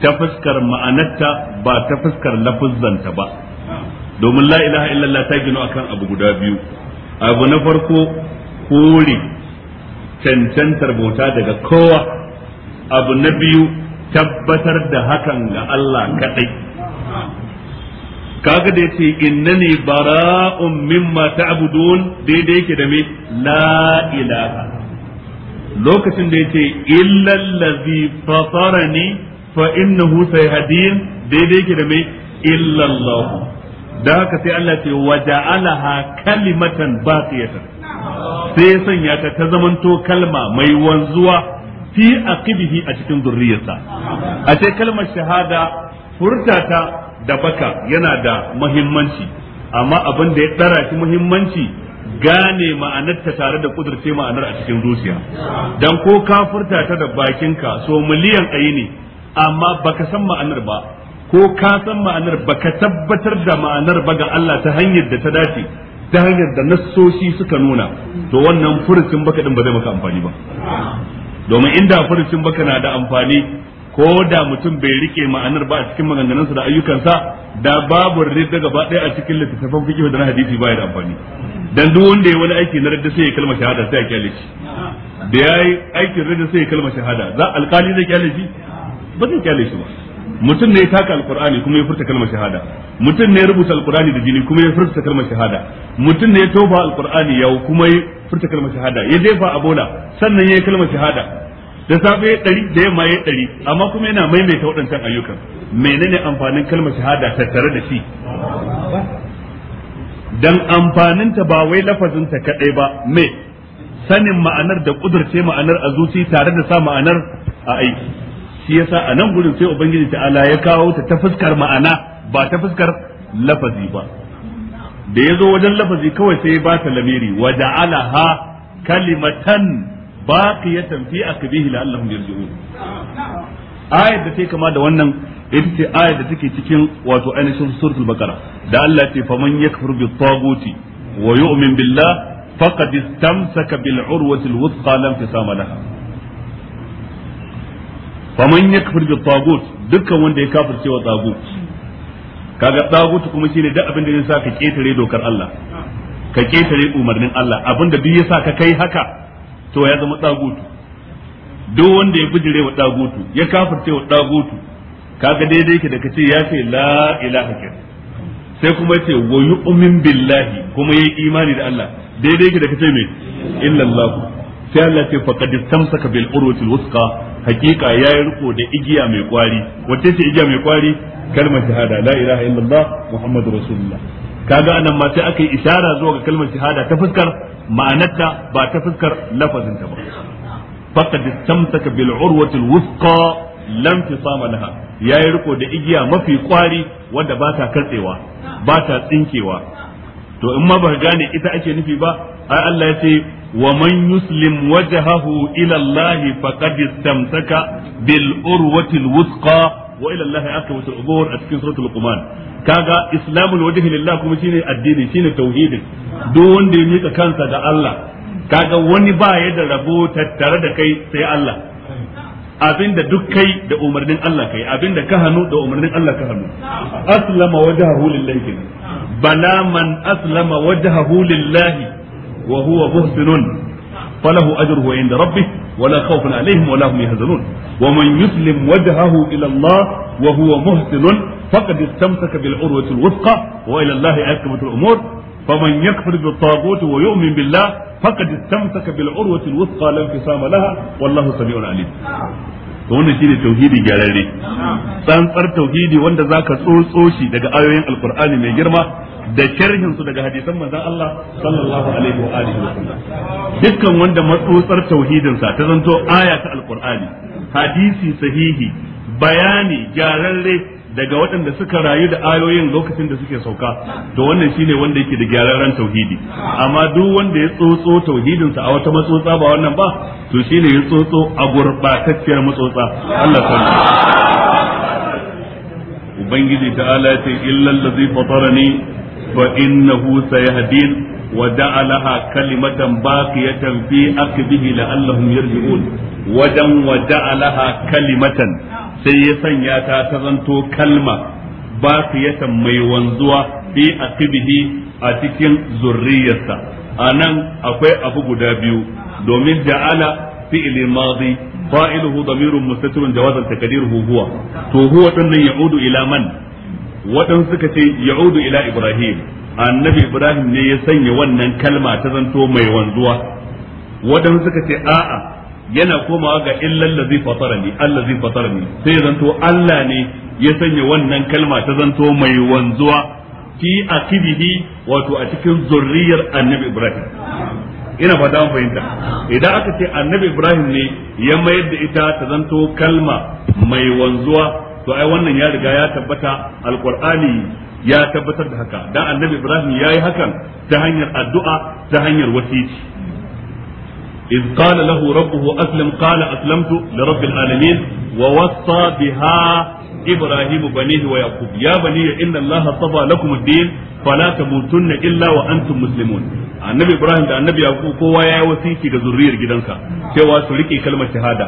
ta fuskar ma'anarta ba ta fuskar lafuzzanta ba domin la ilaha illallah ta gina akan abu guda biyu abu na farko kore cancantar bauta daga kowa abu na biyu tabbatar da hakan ga Allah kadai kaga da yace innani bara'un mimma ta'budun daidai yake da me la ilaha lokacin da yace illal ladhi fatarani fa innahu sayhadin daidai yake da me illallah da haka sai Allah ce alaha kalimatan baqiyatan sai sanya ta ta zamanto kalma mai wanzuwa fi aqibihi a cikin zurriyarsa a ce kalmar shahada furtata da baka yana da muhimmanci amma abin da ya tsara shi muhimmanci gane ma'anarta tare da kudurce ma'anar a cikin zuciya dan ko ka furta ta da bakinka so miliyan ayi ne amma baka san ma'anar ba ko ka san ma'anar baka tabbatar da ma'anar ba ga Allah ta hanyar da ta dace ta hanyar da nassoshi suka nuna to wannan furucin baka din ba zai maka amfani ba domin inda furucin baka na da amfani ko da mutum bai rike ma'anar ba a cikin maganganunsa da ayyukansa da babu ridda gaba ɗaya a cikin littattafan fiqh da na hadisi ya da amfani dan duk wanda yayi wani aiki na ridda sai ya kalma shahada sai ya kyale shi da yayi aikin ridda sai ya kalma shahada za alƙali zai kyale shi ba zai kyale shi ba mutum ne ya taka alkur'ani kuma ya furta kalmar shahada mutum ne ya rubuta alkur'ani da jini kuma ya furta kalmar shahada mutum ne ya toba alkur'ani ya kuma ya furta kalmar shahada ya jefa a bola sannan ya yi kalmar shahada da safe ya ɗari da yamma ya ɗari amma kuma yana maimaita waɗancan ayyukan menene amfanin kalmar shahada tattare da shi dan amfaninta ba wai lafazinta kaɗai ba me sanin ma'anar da ƙudurce ma'anar a zuci tare da sa ma'anar a aiki shi yasa a nan gurin sai ubangiji ta'ala ya kawo ta ta fuskar ma'ana ba ta fuskar lafazi ba da ya zo wajen lafazi kawai sai ya ba ta lamiri wa ja'alaha kalimatan baqiyatan fi akbihi la'allahum yarji'un ayat da take kama da wannan ita ce ayat da take cikin wato ainihin suratul baqara da Allah ce faman yakfur bi taguti wa yu'min billah faqad istamsaka bil urwati wuthqa lam tisama laha faman yakfur bi tagut dukkan wanda ya kafirce wa tagut kaga tagut kuma shine duk abin da zai sa ka ketare dokar Allah ka ketare umarnin Allah abin da duk ya sa ka kai haka to ya zama tagut duk wanda ya bijire wa tagut ya kafirce wa tagut kaga daidai ke da kace ya ce la ilaha illallah sai kuma ce wa yu'min billahi kuma yayi imani da Allah daidai ke da kace me illallah sai Allah ce faqad tamsaka bil urwatil wuthqa hakika ya yi riko da igiya mai kwari wacce ce igiya mai kwari kalmar shahada la ilaha illallah muhammadur rasulullah kaga anan ma sai aka yi isharar zuwa ga kalmar shahada ta fuskar ma'anarta ba ta fuskar lafazinta ba faqad tamsaka bil urwatil wuthqa lam tisama laha yayi riko da igiya mafi kwari wanda ba ta katsewa ba ta tsinkewa to in ma ba gane ita ake nufi ba ai Allah ya ce wa man yuslim wajhahu ila Allah faqad istamsaka bil urwatil wuthqa wa ila Allah aqwatu al a cikin suratul Luqman kaga islamul wajhi lillah kuma shine addini shine tauhidin duk wanda ya mika kansa da Allah kaga wani ba ya da rabo tattare da kai sai Allah abinda duk kai da umarnin Allah kai abinda ka hannu da umarnin Allah ka hannu aslama wajhahu lillahi بلا من أسلم وجهه لله وهو huwa فله أجره عند ربه ولا خوف عليهم ولا هم يهزنون ومن يسلم وجهه الى الله وهو محسن فقد استمسك بالعروه الوثقى والى الله عاقبه الامور فمن يكفر بالطاغوت ويؤمن بالله فقد استمسك بالعروه الوثقى لا انفصام لها والله سميع عليم to wannan shine tauhidi gyararre tsantsar tauhidi wanda zaka tsotso shi daga ayoyin alqur'ani mai girma da sharhin su daga hadisan manzon Allah sallallahu alaihi wa alihi dukkan wanda matsotsar tauhidin sa ta zanto aya ta alqur'ani hadisi sahihi bayani gyararre daga waɗanda suka rayu da ayoyin lokacin da suke sauka to wannan shine wanda yake da gyararren tauhidi amma duk wanda ya tsotso tauhidin sa a wata matsotsa ba wannan ba to shine ya tsotso a gurbatacciyar matsotsa Allah sani ubangiji ta'ala ya ce illal ladzi fatarani fa innahu sayahdin ودعا لها كلمة باقية في عقبه لعلهم يرجعون ودن ودعا لها كلمة سيسا ياتا تزنتو كلمة باقية مي ونزوة في عقبه أتكن ذرية أنا أقوي أبو قدابيو دومين جعل فعل ماضي فاعله ضمير مستتر جوازا تقديره هو تو هو يعود إلى من وتنسكتي يعود إلى إبراهيم annabi ibrahim ne ya sanya wannan kalma ta zanto mai wanzuwa wadansu suka ce a'a yana komawa ga illal ladzi fatarani allazi fatarani sai ya zanto Allah ne ya sanya wannan kalma ta zanto mai wanzuwa fi akibihi wato a cikin zurriyar annabi ibrahim ina fata mun fahimta idan aka ce annabi ibrahim ne ya mayar da ita ta zanto kalma mai wanzuwa to ai wannan ya riga ya tabbata alqur'ani ya tabbatar da haka dan annabi ibrahim ya yi hakan ta hanyar addu'a ta hanyar wasici إذ قال له ربه أسلم قال أسلمت لرب العالمين ووصى بها إبراهيم بنيه ويعقوب يا بني إن الله صفى لكم الدين فلا تموتن إلا وأنتم مسلمون النبي إبراهيم ده النبي يعقوب هو يا وسيكي ده ذرية جدنك سوى سلكي كلمة شهادة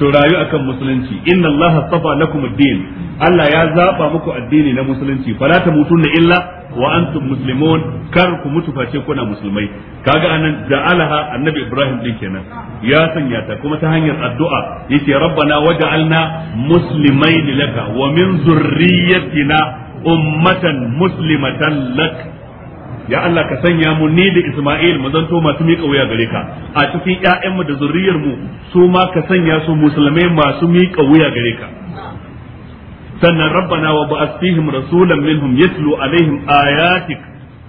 su rayu akan musulunci inna allaha safa lakum ad-din Allah ya zaba muku addini na musulunci fala tamutunna illa wa antum muslimun kar ku mutu face kuna musulmai kaga anan ja'alaha annabi Ibrahim din kenan ya sanya ta kuma ta hanyar addu'a yace rabbana waj'alna muslimain laka wa min zurriyyatina ummatan muslimatan lak ya Allah ka sanya mu ni da Isma'il mu zanto masu miƙa wuya gare ka a cikin ƴaƴanmu da zuriyarmu su ma ka sanya su musulmai masu miƙa wuya gare ka sannan rabbana wa ba'ath fihim rasulan minhum yatlu alaihim ayatik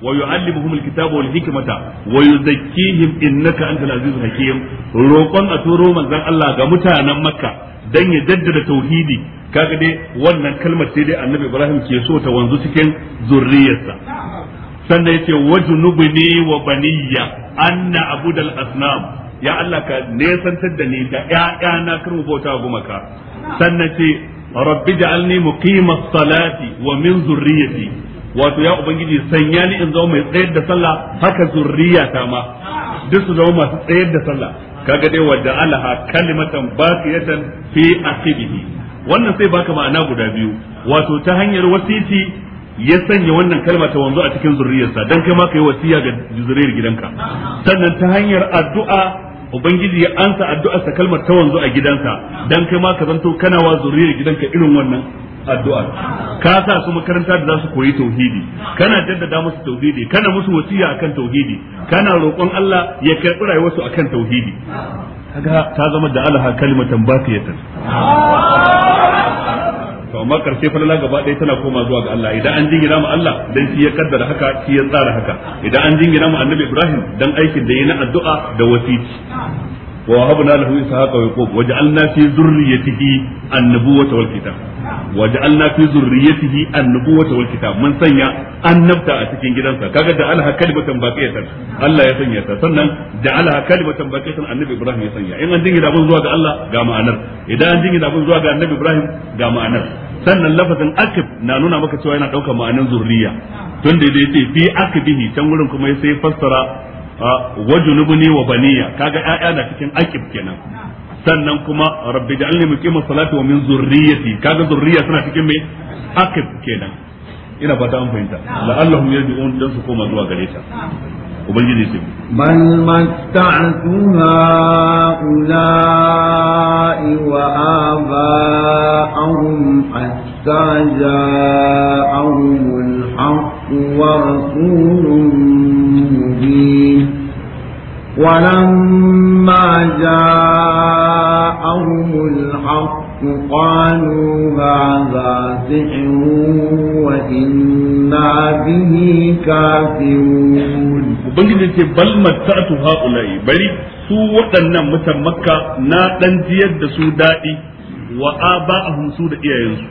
wa yu'allimuhum alkitaba wal hikmata wa yuzakkihim innaka antal azizul hakim roƙon a turo manzon Allah ga mutanen Makka dan ya jaddada tauhidi kaga dai wannan kalmar sai dai Annabi Ibrahim ke so ta wanzu cikin zurriyarsa sannan yace wajnubni wa baniya anna abudal asnam ya Allah ka nesantar da ni da 'ya'yana kar mu bauta gumaka sannan ce rabbi ja'alni muqimas salati wa min zurriyyati wato ya ubangiji sanya ni in zama mai tsayar da sallah haka zurriyata ma duk su zama masu tsayar da sallah kaga dai wa ja'alaha kalimatan baqiyatan fi asibihi wannan sai baka ma'ana guda biyu wato ta hanyar wasiti ya sanya wannan kalma ta wanzu a cikin zurriyarsa don kai ma yi wasiya ga zuriyar gidanka sannan ta hanyar addu'a ubangiji ya ansa addu'arsa kalmar ta wanzu a gidansa don kai ma ka zanto kana wa zuriyar gidanka irin wannan addu'a ka sa su makaranta da za su koyi tauhidi kana jaddada musu tauhidi kana musu wasiya akan tauhidi kana roƙon Allah ya karɓi rayuwarsu akan tauhidi kaga ta zama da alaha kalimatan baqiyatan to amma karshe falala gaba ɗaya tana koma zuwa ga Allah idan an jingina mu Allah dan shi ya kaddara haka shi ya tsara haka idan an jingina mu annabi Ibrahim dan aikin da yayi na addu'a da wasiti ووهبنا له إسحاق ويعقوب وجعلنا في ذريته النبوة والكتاب وجعلنا في ذريته النبوة والكتاب من سنيا النبتة أتكين جدنسا كاكا جعلها كلمة باقية الله يسنيا سنن جعلها كلمة باقية النبي إبراهيم يسنيا إن أنجي دابون زواج الله قام أنر إذا أنجي دابون زواج النبي إبراهيم قام أنر sannan lafazin akib na nuna maka cewa yana ɗaukar ma'anin zurriya tun da dai fi akibihi can wurin kuma sai fassara wa junubni wa baniya kaga ƴaƴa na cikin aqib kenan sannan kuma rabbi ja'alni muqima salati wa min zurriyyati kaga zurriya suna cikin me aqib kenan ina fata an fahimta la'allahum yarji'un dan su koma zuwa gare ta ubangiji sai bal matta'tu ha'ula'i wa aba'ahum hatta ja'ahum al-haqq wa rasulun مبين ولما جاءهم الحق قالوا هذا سحر وإنا به كافرون Ubangiji ce bal matta'atu ha'ulai bari su waɗannan mutan maka na ɗan jiyar da su daɗi wa'a a ba'ahum su da iyayensu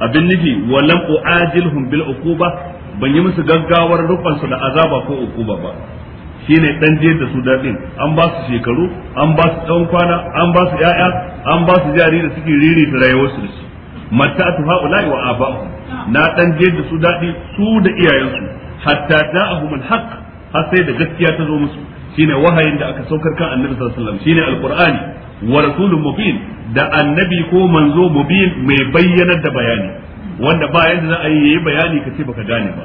abin nufi walam ajilhum bil uquba ban yi musu gaggawar rufan su da azaba ko uquba ba shine dan je da su dadin an ba su shekaru an ba su dan kwana an ba su yaya an ba su jari da suke riri da rayuwar su dashi matta'atu haula'i wa aba'uhum na dan je da su dadi su da iyayensu hatta da'ahum al-haq har sai da gaskiya ta zo musu shine wahayin da aka saukar kan annabi sallallahu alaihi wasallam shine alqur'ani wa rasulun mubin da annabi ko manzo mubin mai bayyanar da bayani wanda ba yanda za a yi yayi bayani kace baka gane ba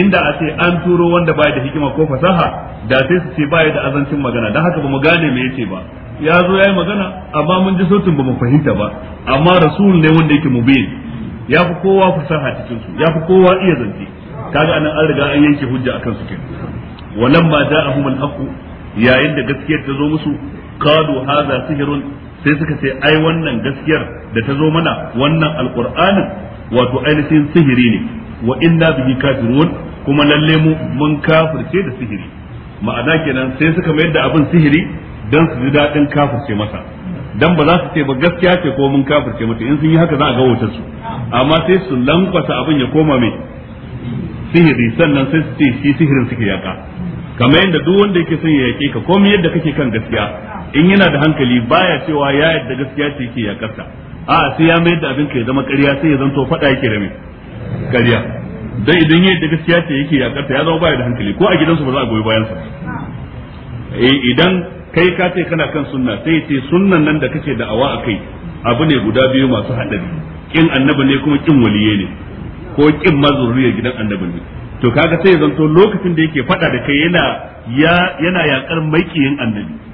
inda a ce an turo wanda baya da hikima ko fasaha da sai su ce baya da azancin magana dan haka ba gane me yace ba ya zo yayi magana amma mun ji sautin ba mu fahimta ba amma rasul ne wanda yake mubin ya fi kowa fasaha cikin su ya fi kowa iya zance kaga anan an riga an yanke hujja akan su kenan walamma ja'ahum al haqu yayin da gaskiyar ta zo musu Kado haza sihirun sai suka ce ai wannan gaskiyar da ta zo mana wannan alqur'anin wato ainihin sihiri ne wa inna bihi kafirun kuma lalle mu mun kafirce da sihiri ma'ana kenan sai suka mayar da abin sihiri dan su ji dadin kafirce masa dan ba za su ce ba gaskiya ce ko mun kafirce mata in sun yi haka za a ga wutar su amma sai su lankwasa abin ya koma mai sihiri sannan sai su ce shi sihirin suke yaka kamar yadda duk wanda yake son ya yake ka komai yadda kake kan gaskiya in yana da hankali baya cewa ya yadda gaskiya ce yake ya karta a sai ya mayar da abin ka ya zama ƙarya sai ya zanto faɗa yake da mai ƙarya dan idan ya yadda gaskiya ce yake ya karta ya zama baya da hankali ko a gidansu ba za a goyi bayan sa eh, idan kai ka ce kana kan sunna sai ce sunnan nan da kake da awa a kai abu ne guda biyu masu haɗari kin annabi ne kuma kin waliye ne ko kin mazuriyar gidan annabi ne to kaga sai ya zanto lokacin da yake faɗa da kai yana ya yana yakar maikiyin annabi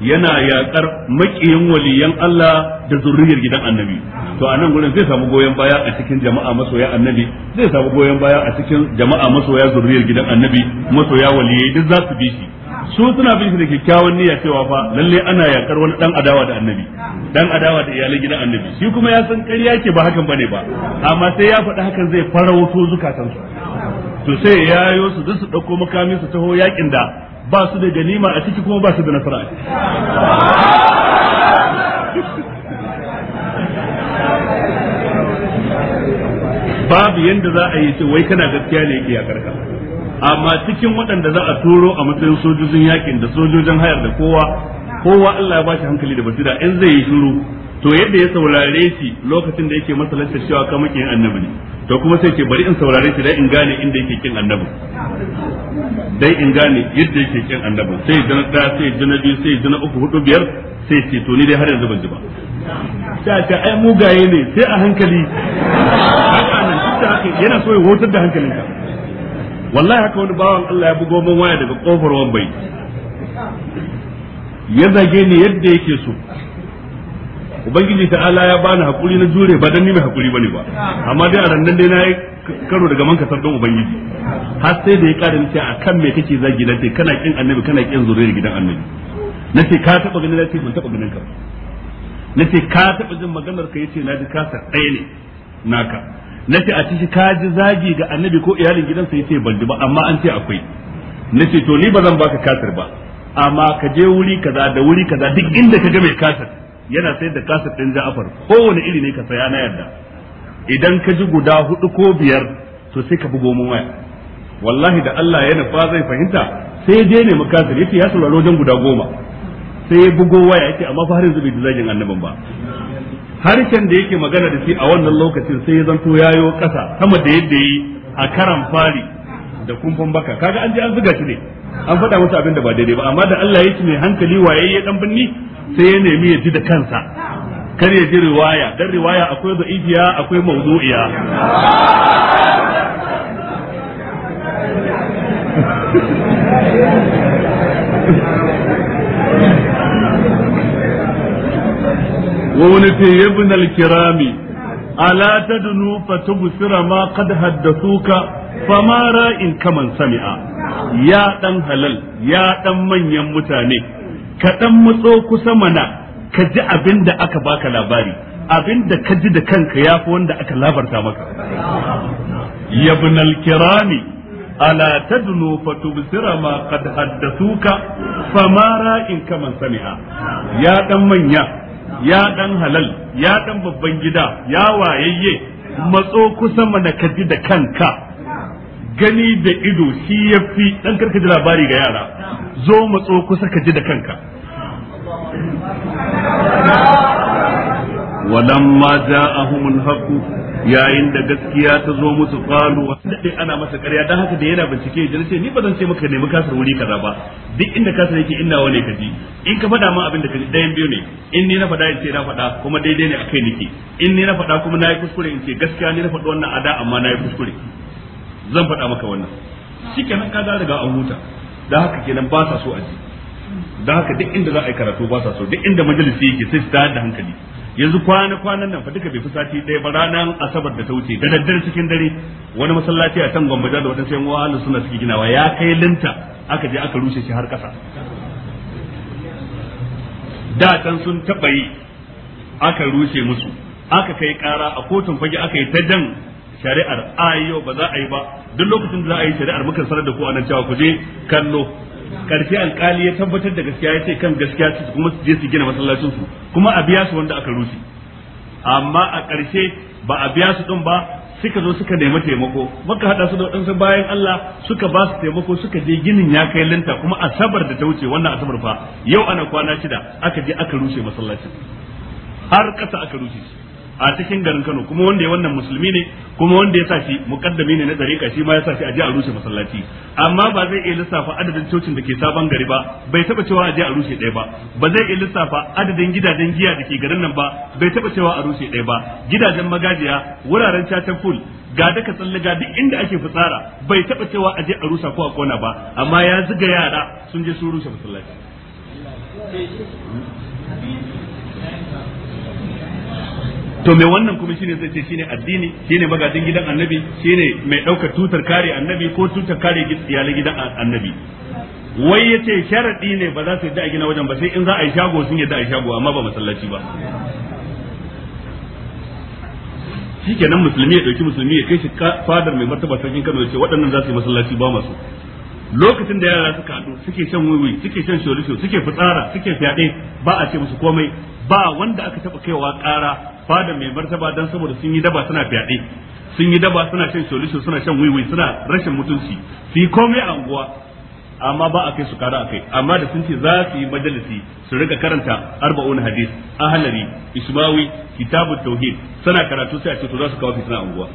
yana yakar makiyin waliyan Allah da zurriyar gidan annabi to a nan gurin zai samu goyon baya a cikin jama'a masoya annabi zai samu goyon baya a cikin jama'a masoya zurriyar gidan annabi masoya waliyai duk za su bi shi su suna bin shi da kyakkyawan niyya cewa fa lalle ana yakar wani dan adawa da annabi dan adawa da iyalan gidan annabi shi kuma ya san ƙarya ke ba hakan bane ba amma sai ya faɗi hakan zai farauto zukatansu to sai ya yayo su duk su ɗauko makami su taho yakin da ba su da ganima a ciki kuma ba su da nasara babu yadda za a yi ce wai kana gaskiya ne yake ya karka amma cikin waɗanda za a turo a matsayin sojojin yakin da sojojin hayar da kowa kowa Allah ya ba shi hankali da basira in zai yi shiru to yadda ya saurare shi lokacin da yake masa lantar cewa ka makiyin annabi ne to kuma sai ce bari in saurare shi dai in gane inda yake kin annabi dai in gane yadda yake kin annabi sai dana da sai dana biyu sai dana uku hudu biyar sai ce to ni dai har yanzu ban ji ba ta ta ai mugaye ne sai a hankali haka nan duk da haka yana so ya hotar da hankalinka wallahi haka wani bawan Allah ya bugo min waya daga kofar wambai ya zage ni yadda yake so ubangiji ala ya bani hakuri na jure ba dan ni mai hakuri bane ba amma dai a randan dai na karo daga manka sardan ubangiji har sai da ya kare nace akan me kake zagi na ce kana kin annabi kana kin zuriyar gidan annabi nace ka taba ganin nace ban taba ganin ka nace ka taba jin maganar ka yace na ji ka sa ɗaya ne naka nace a cikin ka ji zagi ga annabi ko iyalin gidansa yace ban ji ba amma an ce akwai nace to ni ba zan baka kasar ba amma ka je wuri kaza da wuri kaza duk inda ka ga mai kasar yana sayar da kasar ɗin ja'afar kowane iri ne ka saya na yarda idan ka ji guda hudu ko biyar to sai ka bugo mun waya wallahi da Allah ya nufa zai fahimta sai je ne makasar yace ya sauraro wajen guda goma sai ya bugo waya yake amma fa har yanzu bai zagin annaban ba harshen da yake magana da shi a wannan lokacin sai ya zanto yayo kasa sama da yadda yi a karan fari da kumfan baka kaga an je an zuga shi ne an faɗa masa abin da ba daidai ba amma da Allah ya ci mai hankali waye ya dan binni sai ya nemi ya ji da kansa kar ya ji riwaya dan riwaya akwai da'ifiya akwai mawdu'iya wani ce al-kirami ala tadnu fatubsira ma qad haddathuka fama ra'in kaman sami'a ya dan halal ya dan manyan mutane ka dan matso kusa mana ka ji abin da aka baka labari abin da ka ji da kanka ya fi wanda aka labarta maka yabnal kirami ala tadnu tubsira ma qad haddathuka ma ra'in kaman sami'a ya dan manya ya dan halal ya dan babban gida ya wayayye matso kusa mana ka ji da kanka gani da ido shi ya fi ɗan karka ji labari ga yara zo matso kusa ka ji da kanka a ja'ahumul haku. yayin da gaskiya ta zo musu qalu daɗe ana masa ƙarya dan haka da yana bincike ya ce ni ba zan ce maka nemi kasar wuri kaza ba duk inda kasar yake inda wane kaji in ka faɗa ma abin da kaji dayan biyu ne in ni na faɗa in ce na faɗa kuma daidai ne a kai nike in ni na faɗa kuma nayi kuskure in ce gaskiya ni na faɗi wannan ada amma nayi kuskure zan faɗa maka wannan nan ka daga an huta da haka kenan ba sa so a ji da haka duk inda za a yi karatu ba sa so duk inda majalisi yake sai su tayar da hankali yanzu kwana kwanan nan fa duka bai fi sati ɗaya ba ranar asabar da ta wuce da daddare cikin dare wani masallaci a can gwamnati da wadansu yan halin suna suke ginawa ya kai linta aka je aka rushe shi har ƙasa da can sun taɓa yi aka rushe musu aka kai ƙara a kotun fage aka yi ta dan shari'ar ayo yau ba za a yi ba duk lokacin da za a yi shari'ar mukan sanar da ku a nan cewa ku je kallo karshe alkali ya tabbatar da gaskiya ya ce kan gaskiya su kuma su je su gina masallacin su kuma a biya su wanda aka rushe amma a karshe ba a biya su din ba suka zo suka nemi taimako muka hada su da waɗansu bayan Allah suka ba su taimako suka je ginin ya kai linta kuma asabar da ta wuce wannan asabar fa yau ana kwana shida aka je aka rushe masallacin har ƙasa aka rushe shi a cikin garin Kano kuma wanda ya wannan musulmi ne kuma wanda ya sa shi mukaddami ne na dariƙa shi ma ya sa shi a je a rushe masallaci amma ba zai iya lissafa adadin cocin da ke sabon gari ba bai taba cewa a je a rushe ɗaya ba ba zai iya lissafa adadin gidajen giya da ke garin nan ba bai taba cewa a rushe ɗaya ba gidajen magajiya wuraren cacan ful ga daka tsalle ga duk inda ake fitsara bai taba cewa a je a rusa ko a kona ba amma ya ziga yara sun je sun rushe masallaci to me wannan kuma shine zai ce shine addini shine magajin gidan annabi shine mai daukar tutar kare annabi ko tutar kare iyalan gidan annabi wai yace sharadi ne ba za su yadda a gina wajen ba sai in za a yi shago sun yadda a yi shago amma ba masallaci ba shikenan musulmi ya dauki musulmi ya kai shi fadar mai martaba sarkin Kano ya ce waɗannan za su yi masallaci ba masu lokacin da yara suka haɗu suke shan wiwi suke shan sholisho suke fitsara suke fyaɗe ba a ce musu komai ba wanda aka taɓa kaiwa ƙara fada mai martaba dan saboda sun yi daba suna fyaɗe sun yi daba suna shan solution suna shan wiwi suna rashin mutunci su komai a unguwa amma ba a kai su kara a kai amma da sun ce za su yi majalisi su rika karanta arba'un hadis ahlari ismawi kitabut tauhid suna karatu sai a ce to za su kawo fitina unguwa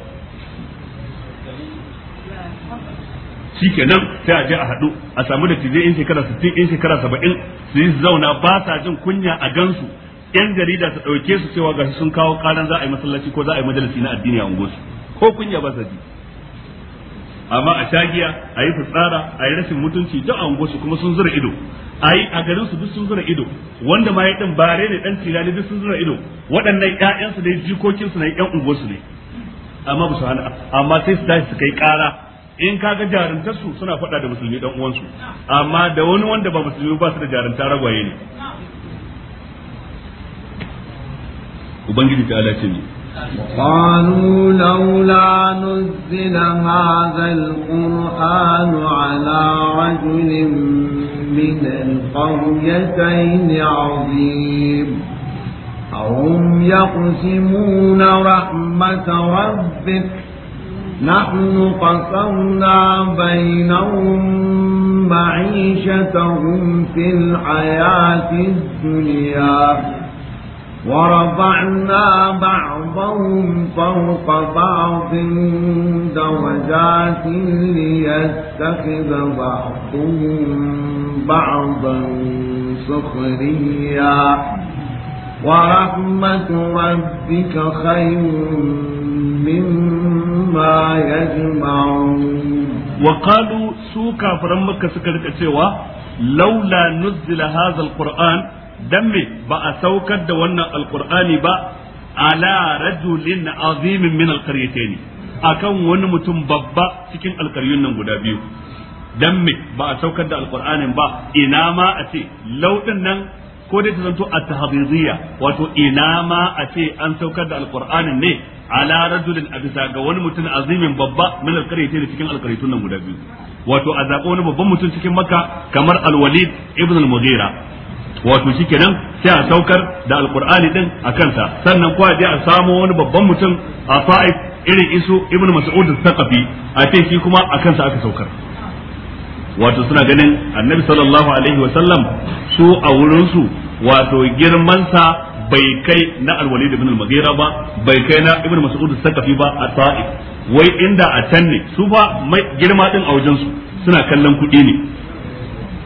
shikenan sai a je a haɗu a samu da tije in shekara 60 in shekara 70 su yi zauna ba sa jin kunya a gansu yan jarida su ɗauke su cewa gashi sun kawo karan za a yi masallaci ko za a yi majalisi na addini a unguwarsu ko kunya ba ji amma a shagiya a yi fitsara a yi rashin mutunci duk a unguwarsu kuma sun zura ido a yi a garin su duk sun zura ido wanda ma ya ɗin bare ne ɗan tilali duk sun zura ido waɗannan ƴaƴansu ne jikokinsu ne ƴan unguwarsu ne amma ba su hana amma sai su tashi su kai ƙara in kaga jarumtarsu suna faɗa da musulmi dan uwansu amma da wani wanda ba musulmi ba su da jarumta ragwaye ne ubangiji ta alace ne قالوا لولا نزل هذا القرآن على رجل من القريتين عظيم أهم يقسمون رحمة ربك نحن قسمنا بينهم معيشتهم في الحياة الدنيا ورفعنا بعضهم فوق بعض درجات ليتخذ بعضهم بعضا سخريا ورحمة ربك خير مما يجمعون وقالوا سوكا فرمك سكرت سوى لولا نزل هذا القرآن dan me ba a saukar da wannan alqur'ani ba ala rajulin azimin min alqaryatayn akan wani mutum babba cikin alkaryun nan guda biyu dan me ba a saukar da alqur'anin ba ina ma a ce laudin nan ko dai ta zanto a tahdhiriyya wato ina ma a ce an saukar da alqur'anin ne ala rajulin a bisa ga wani mutum azimin babba min alkaryatai da cikin alkaryatun nan guda biyu wato a zaɓo wani babban mutum cikin maka kamar alwalid ibn al-mughira wato shikenan sai a saukar da alkur'ani din a kansa sannan ko dai a samo wani babban mutum a fa'if irin isu ibnu mas'ud al-thaqafi a ce shi kuma a kansa aka saukar wato suna ganin annabi sallallahu alaihi wa sallam su a wurin su wato girman sa bai kai na alwalid ibn al-mughira ba bai kai na Ibn mas'ud al-thaqafi ba a ta'if wai inda a can ne su ba girma din a wajen su suna kallon kuɗi ne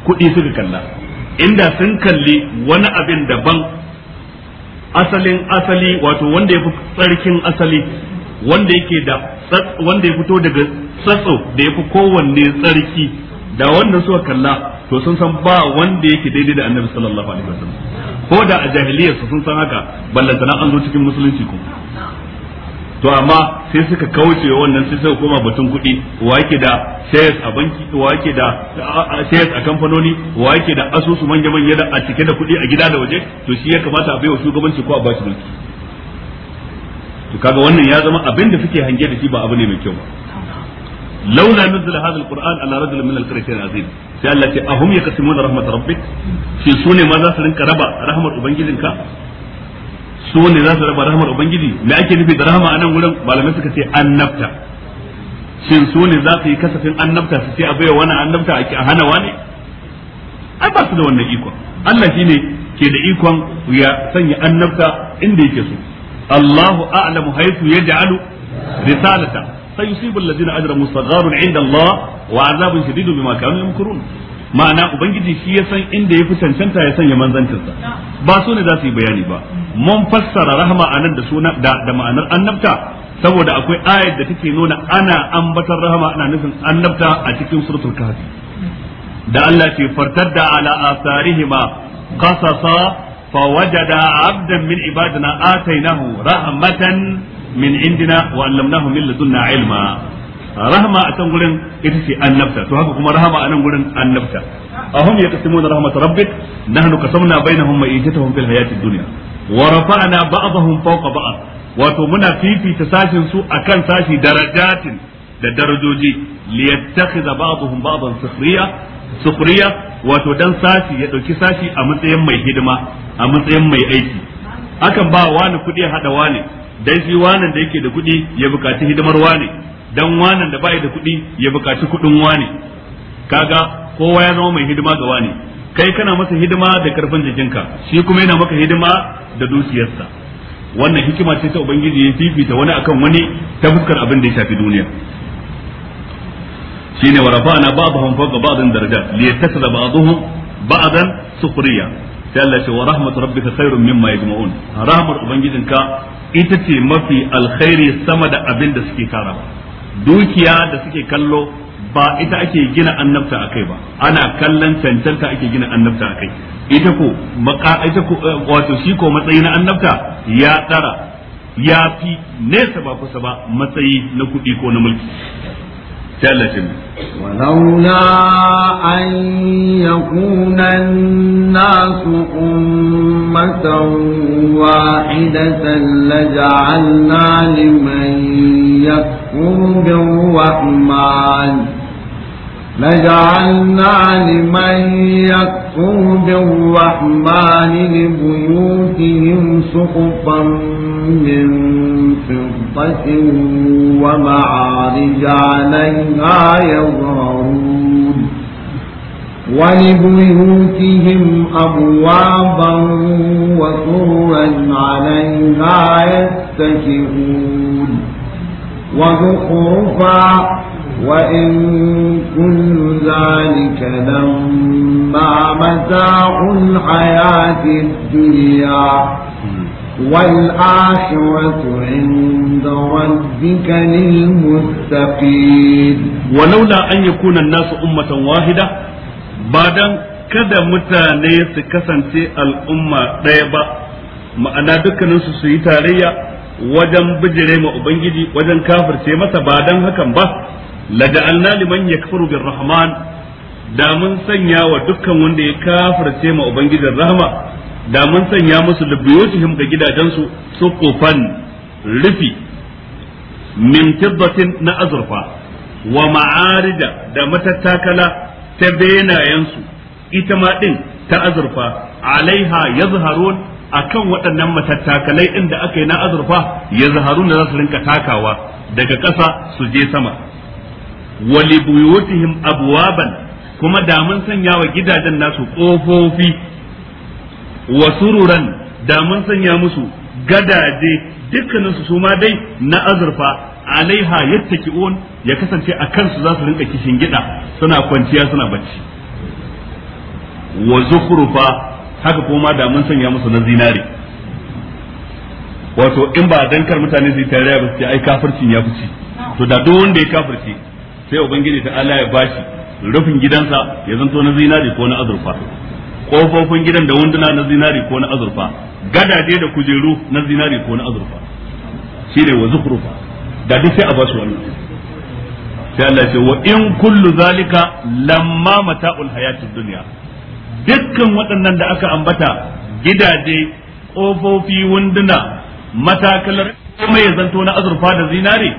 kuɗi suka kalla inda sun kalli wani abin daban asalin asali wato wanda ya fi tsarkin asali wanda yake da wanda ya fito daga tsatso da ya fi kowanne tsarki da wannan suka kalla to sun san ba wanda yake daidai da annabi sallallahu alaihi wasallam ko da a jahiliyar sun san haka ballantana an zo cikin musulunci ko to amma sai suka kauce wannan sai suka koma batun kuɗi wa yake da shares a banki wa yake da shares a kamfanoni wa yake da asusu manya manya da a cike da kuɗi a gida da waje to shi ya kamata a baiwa shugabanci ko a bashi mulki to kaga wannan ya zama abin da suke hange da shi ba abu ne mai kyau ba laula nuzul hadha alquran ala rajulin min alqaryatin azim sai Allah ce ahum yaqsimuna rahmat rabbik shi sune ma za su rinka raba rahmat ubangijinka su wanda za su raba rahmar ubangiji me ake nufi da rahama anan wurin malamai suka ce annabta shin su ne za su yi kasafin annabta su ce a baiwa wani annabta a hana wani ai ba su da wannan ikon Allah shine ke da ikon ya sanya annabta inda yake so Allahu a'lamu haythu yaj'alu risalata sayusibu alladhina ajramu sagharun 'inda Allah wa 'adhabun shadidun bima kanu yamkurun ma'ana ubangiji shi ya san inda ya fi cancanta ya sanya manzancinsa ba su ne za su yi bayani ba mun fassara rahama a nan da suna da ma'anar annabta saboda akwai ayar da take nuna ana ambatar rahama ana nufin annabta a cikin surtul kafi da Allah ke da ala asarihima qasasa fawajada abdan min ibadina atainahu rahmatan min indina wa allamnahu min ladunna ilma rahma a can gurin ita ce annabta to haka kuma rahama a nan gurin annabta kasimu yaqsimuna rahmat rabbik nahnu kasamna bainahum ma'ishatahum fil hayati dunya wa rafa'na ba'dahum fawqa ba'd wato muna fifita sashin su akan sashi darajatin da darajoji liyattakhidha ba'dahum ba'dan sukhriya sukhriya wato dan sashi ya dauki sashi a matsayin mai hidima a matsayin mai aiki akan ba wani kudi hada wani dai shi wani da yake da kudi ya bukaci hidimar wani dan wanan da bai da kuɗi ya bukaci kuɗin wane kaga kowa ya zama mai hidima ga wane kai kana masa hidima da karfin jikinka shi kuma yana maka hidima da dukiyarsa wannan hikima ce ta ubangiji ya fifita wani akan wani ta fuskar abin da ya shafi duniya shine wa rafa'na ba'dhum fawqa ba'din darajat liyattakhidha ba'dhum ba'dan sukhriya sai Allah ce wa rahmatu rabbika khairum mimma yajma'un rahmar ubangijinka ita ce mafi alkhairi sama da abin da suke tarawa dukiya da suke kallo ba ita ake gina annabta akai ba ana kallon cancanta ake gina annabta akai ita ko ita ko eh, wato shi ko matsayi na annabta ya tsara ya fi nesa ba kusa ba matsayi na kuɗi ko na mulki ثالثا ولولا أن يكون الناس أمة واحدة لجعلنا لمن يكفر بالرحمن لجعلنا لمن يكفر بالرحمن لبيوتهم سقطا من ومعارج عليها يظهرون ولبيوتهم أبوابا وسرا عليها يتكئون وزخرفا وإن كل ذلك لما متاع الحياة الدنيا والآخرة عند ربك للمتقين ولولا أن يكون الناس أمة واحدة بعد kada mutane su kasance al'umma ɗaya ba ma'ana dukkaninsu su yi tarayya wajen bijire ma ubangiji wajen kafirce masa ba dan hakan ba laja'alna liman yakfuru rahman da mun sanya wa dukkan wanda ya kafirce ma ubangijin rahma da mun sanya musu libiyotihim ga gidajensu suqufan rufi min tibbatin na azurfa wa ma'arida da matattakala ta benayensu ita ma din ta azurfa alaiha yazharun akan waɗannan matattakalai ɗin da aka yi na azurfa yazharun za su rinka takawa daga ƙasa su je sama wa libuyutihim abwaban kuma da mun sanya wa gidajen nasu ƙofofi wa sururan da mun sanya musu gadaje dukkanin su suma dai na azurfa alaiha yattaki'un ya kasance a kansu za su rinka kishin gida suna kwanciya suna bacci wa zukhrufa haka kuma da mun sanya musu na zinare wato in ba dankar mutane su yi ba su ce ai kafircin ya fice to da duk wanda ya kafirce sai ubangiji ta Allah ya bashi rufin gidansa ya zanto na zinare ko na azurfa kofofin gidan da wunduna na zinari ko na azurfa gadaje da kujeru na zinari ko na azurfa shine wa zukhrufa da duk sai a basu wannan sai Allah ce wa in kullu zalika lamma mata'ul hayatid dunya dukkan waɗannan da aka ambata gidaje kofofi wunduna matakalar komai ya zanto na azurfa da zinari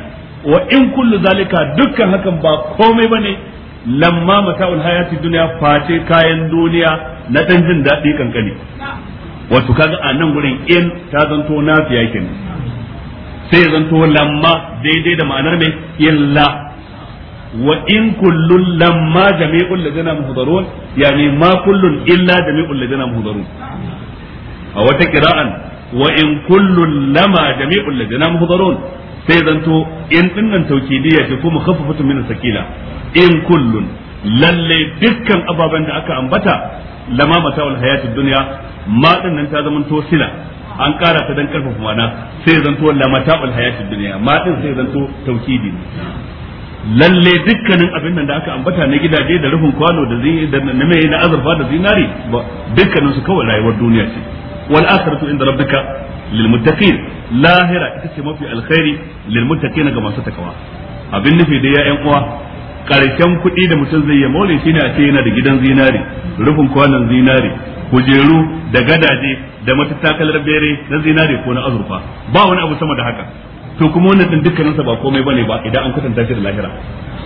wa in kullu zalika dukkan hakan ba komai bane lamma mata'ul hayatid dunya face kayan duniya na dan jin daɗi kankani wato kaga a nan gurin in ta zanto nafiya kenan sai ya zanto lamma daidai da ma'anar mai illa wa in kullun lamma jami'un ladina muhdarun yani ma kullun illa jami'un ladina muhdarun a wata kira'an wa in kullun lama jami'un ladina muhdarun sai zanto in dinnan taukidiyya ce kuma khaffafatun min sakila in kullun lalle dukkan ababen da aka ambata lama mata'ul hayatid dunya ma din nan ta zama to sila an kara ta dan karfafa mana sai zan to lama mata'ul hayatid dunya ma din sai zan to lalle dukkanin abin nan da aka ambata na gidaje da rufin kwano da zai da na mai na azurfa da zinari dukkanin su kawai rayuwar duniya ce wal akhiratu inda rabbika lil muttaqin lahira ita ce mafi alkhairi lil muttaqin ga masu takawa abin nufi da ya yan uwa karshen kuɗi da mutum zai yi ya shi ne a ce yana da gidan zinari rufin kwanan zinari kujeru da gadaje da matattakalar bere na zinari ko na azurfa ba wani abu sama da haka to kuma wannan din dukkaninsa ba komai bane ba idan an kwatanta shi da lahira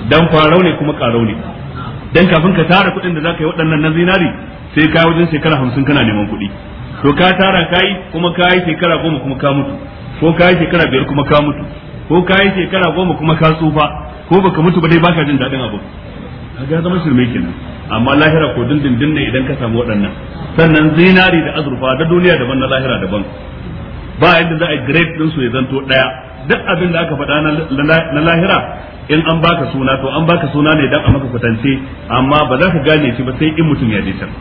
dan farau ne kuma karau ne dan kafin ka tara kuɗin da zaka yi waɗannan na zinari sai ka wajen shekara hamsin kana neman kuɗi to ka tara kai kuma ka yi shekara goma kuma ka mutu ko ka yi shekara biyar kuma ka mutu ko ka yi shekara goma kuma ka tsufa ko baka mutu ba dai baka jin daɗin abu kaga zama shirme kenan amma lahira ko dindindin ne idan ka samu waɗannan sannan zinari da azurfa da duniya daban na lahira daban ba yadda za a grade din su ya zanto ɗaya. duk abin da aka faɗa na lahira in an baka suna to an baka suna ne dan a maka kwatance amma ba za ka gane shi ba sai in mutum ya je can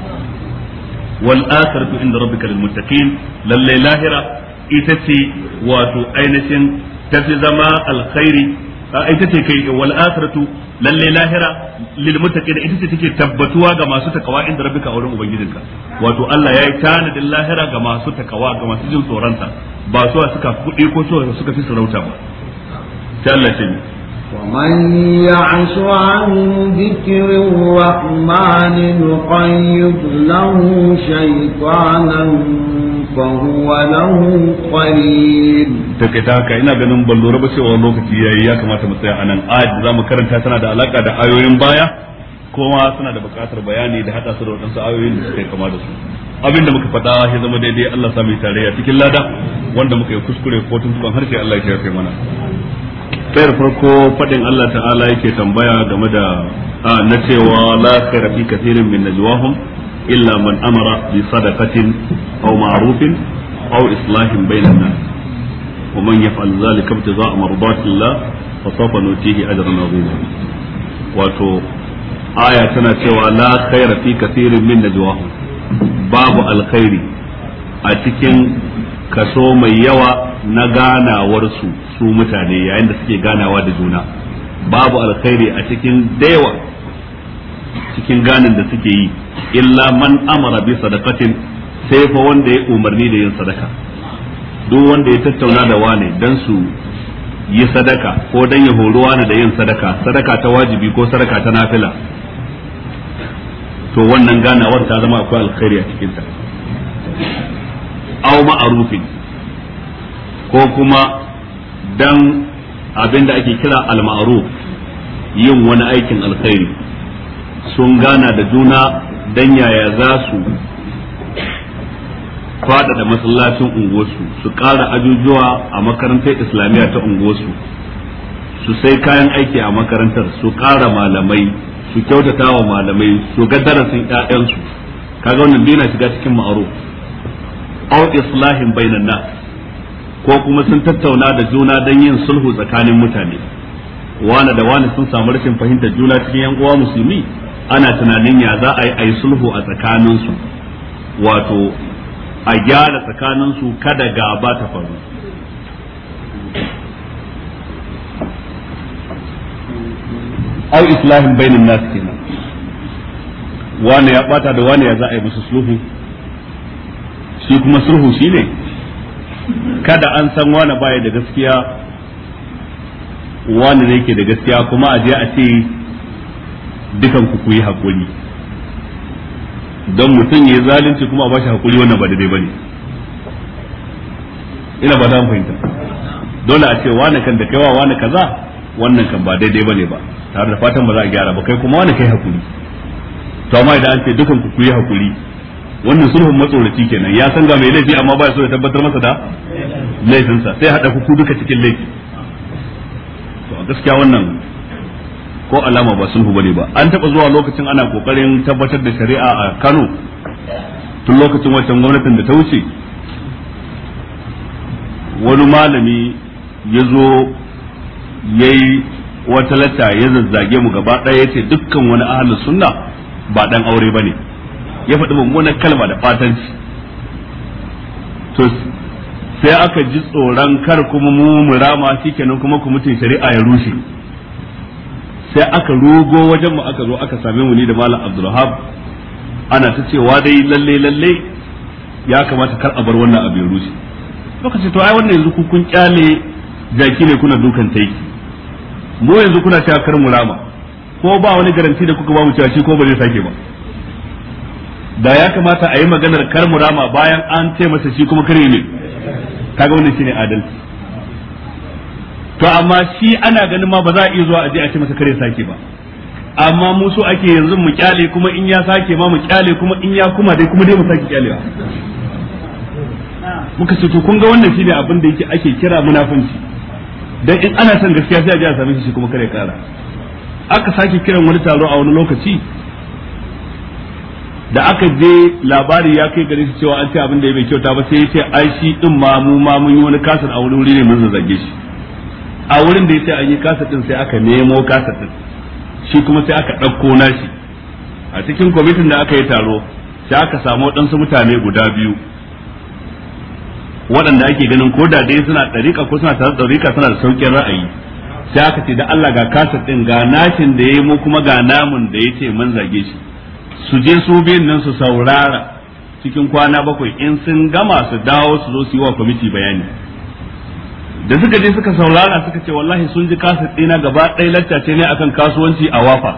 wal akhiratu inda rabbika lil muttaqin lalle lahira ita ce wato ainihin tafi zama alkhairi ita ce kai wal akhiratu lalle lahira lil muttaqin ita ce take tabbatuwa ga masu takawa inda rabbika a wurin ubangijinka wato Allah yayi tanadin lahira ga masu takawa ga masu jin tsoron sa ba su suka kudi ko su suka fi sarauta ba sai Allah ce ومن يعش عن ذكر الرحمن نقيض له شيطانا فهو له قريب take ta haka ina ganin ban lura ba cewa lokaci yayi ya kamata mu tsaya anan ayat da mu karanta tana da alaka da ayoyin baya kuma suna da bukatar bayani da hada su da wadansu ayoyin da suka kama da su abin da muka faɗa ya zama daidai Allah sa mu tarayya cikin lada wanda muka yi kuskure ko tun har harshe Allah ya kai mana tayar farko faɗin Allah ta'ala yake tambaya game da na cewa la khairu fi kathirin min najwahum illa man amara bi katin aw ma'rufin aw islahin bainan nas wa za yaf'al dhalika ibtigha'a mardatillah fa sawfa nutihi ajran 'azima wato aya tana cewa la khaira fi kathirin min najwahum babu alkhairi a cikin kaso mai yawa na ganawarsu su mutane yayin da suke ganawa da juna babu alkhairi a cikin da cikin ganin da suke yi illa man amara bi sadaqatin sai fa wanda ya umarni da yin sadaka duk wanda ya tattauna da wane dan su yi sadaka ko dan ya horo wani da yin sadaka sadaka ta wajibi ko sadaka ta nafila to wannan ganawar ta zama akwai alkhairi a cikin ta aw ma'rufin ko kuma dan abin da ake kira al-ma'ruf yin wani aikin alkhairi sun gana da juna dan yaya za su faɗaɗa masallacin unguwarsu su ƙara ajujuwa a makarantar islamiyya ta unguwarsu su sai kayan aiki a makarantar su ƙara malamai su kyautata wa malamai su ga darasin 'ya'yansu kaga wannan dina shiga cikin ma'aro au islahin bainan nas ko kuma sun tattauna da juna don yin sulhu tsakanin mutane wani da wani sun samu rashin fahimtar juna cikin yan uwa musulmi ana tunanin ya za a yi a yi sulhu a tsakaninsu wato a gyara tsakaninsu kada gaba ta faru au islahin bainin nasu kenan wane ya bata da wane ya za a yi musu sulhu shi kuma sulhu shi ne kada an san wane baya da gaskiya wane ne ke da gaskiya kuma a je a ce dukan ku kuyi hakuri don mutum ya zalunci kuma a bashi hakuri wannan ba daidai bane ina ba an fahimta dole a ce wani kan da kaiwa wani kaza wannan kan ba daidai bane ba tare da fatan ba za a gyara ba kai kuma wani kai hakuri to amma idan an ce dukan ku kuyi hakuri wannan sulhun matsoraci kenan ya san ga mai laifi amma ba ya so ya tabbatar masa da laifinsa sai haɗa ku duka cikin laifi to a gaskiya wannan ko alama ba sulhu bane ba an taba zuwa lokacin ana kokarin tabbatar da shari'a a Kano tun lokacin wancan gwamnatin da ta wuce wani malami ya zo ya yi wata lata ya zazzage mu gaba ɗaya ya ce dukkan wani ahalin sunna ba ɗan aure bane ne ya faɗi mummunan kalma da fatanci to sai aka ji tsoron kar kuma mu murama shikenan kuma kwamitin shari'a ya rushe sai aka rogo wajen mu aka zo aka same mu ni da malam abdulhab ana ta cewa dai lalle lalle ya kamata kar a bar wannan abu ya muka ce to ai wannan yanzu ku kun kyale jaki ne kuna dukan taiki mu yanzu kuna cewa kar mu rama ko ba wani garanti da kuka ba mu cewa shi ko ba zai sake ba da ya kamata a yi maganar kar mu rama bayan an ce masa shi kuma kare ne kaga wannan shine adalci to amma shi ana ganin ma ba za a iya zuwa a je a ce masa kare sake ba amma mu so ake yanzu mu kyale kuma in ya sake ma mu kyale kuma in ya kuma dai kuma dai mu sake kyalewa muka ce to kun ga wannan shine abin da yake ake kira munafunci dan in ana son gaskiya sai a je a same shi kuma kare kara aka sake kiran wani taro a wani lokaci da aka je labari ya kai gare shi cewa an ce abin da ya bai kyauta ba sai ya ce ai shi din ma mu ma mun yi wani kasar a wani wuri ne mun zage shi a wurin da ya yace an yi kasatin sai aka nemo kasatin shi kuma sai aka ɗauko nashi a cikin kwamitin da aka yi taro sai aka samu waɗansu mutane guda biyu waɗanda ake ganin ko da dai suna ɗariƙa ko suna tare ɗariƙa suna da sauƙin ra'ayi sai aka ce da Allah ga kasar ɗin ga nashin da ya yi mu kuma ga namun da ya ce mun zage shi su je su biyan nan su saurara cikin kwana bakwai in sun gama su dawo su zo su yi wa kwamiti bayani da suka je suka saurara suka ce wallahi sun ji kasa dina gaba ɗaya laccace ne akan kasuwanci a wafa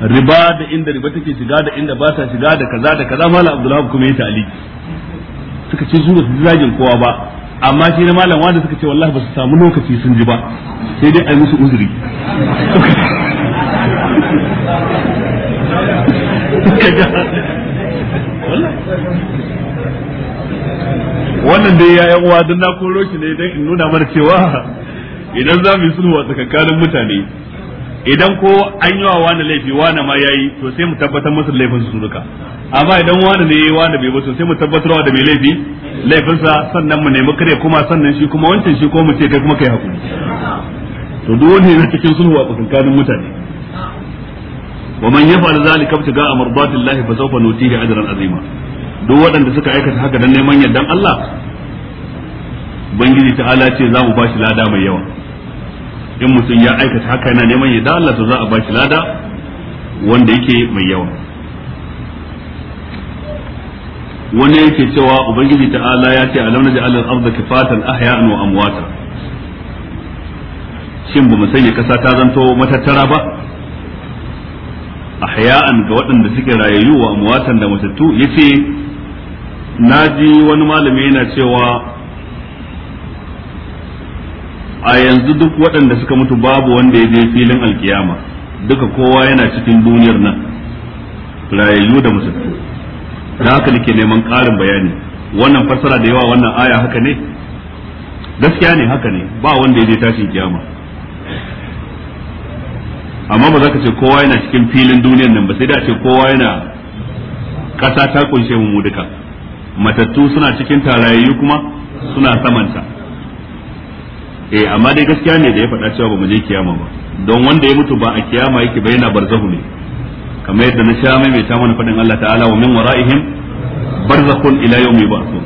riba da inda riba take shiga da inda ba ta shiga da kaza da kaza malam abdullahi kuma ya ta'ali suka ce su ba su zagin kowa ba amma shi na malam wanda suka ce wallahi ba su samu lokaci sun ji ba sai dai a yi musu uzuri suka wannan dai ya yan uwa na koro ki ne don in nuna mana cewa idan za mu yi sulhu a tsakankanin mutane idan ko an yi wa wani laifi wani ma yi to sai mu tabbatar masa laifin su duka amma idan wani ne yi wani bai ba to sai mu tabbatar da mai laifi laifinsa sannan mu nemi kare kuma sannan shi kuma wancan shi ko mu ce kai kuma kai hakuri to duk wani yana cikin sulhu a tsakankanin mutane wa man yaf'al zalika ibtiga'a mardati Allah fa sawfa nutihi ajran azima duk waɗanda suka aikata haka dan neman yardan Allah ubangiji Ala ce za mu bashi lada mai yawa in mutum ya aikata haka yana neman yardan Allah to za a bashi lada wanda yake mai yawa wani yake cewa ubangiji Ala ya ce alam naj'al al-ardha kifatan ahya'an wa amwata shin ba mu sanya kasa ta zanto matattara ba ahya'an ga waɗanda suke rayayyu wa amwatan da matattu yace na ji wani malami yana cewa a yanzu duk waɗanda suka mutu babu wanda ya je filin alkiyama duka kowa yana cikin duniyar nan rayayyu da musulmi da haka nake neman ƙarin bayani wannan fassara da yawa wannan aya haka ne gaskiya ne haka ne ba wanda ya je tashin kiyama amma ba za ka ce kowa yana cikin filin duniyar nan ba sai da ce kowa yana ƙasa ta kunshe mu duka matattu suna cikin tarayayyu kuma suna samanta eh amma dai gaskiya ne da ya faɗa cewa ba mu je kiyama ba don wanda ya mutu ba a kiyama yake ba yana barzahu ne kamar yadda na sha mai ta mana faɗin Allah ta'ala wa min wara'ihim barzakhun ila yawmi ba'thun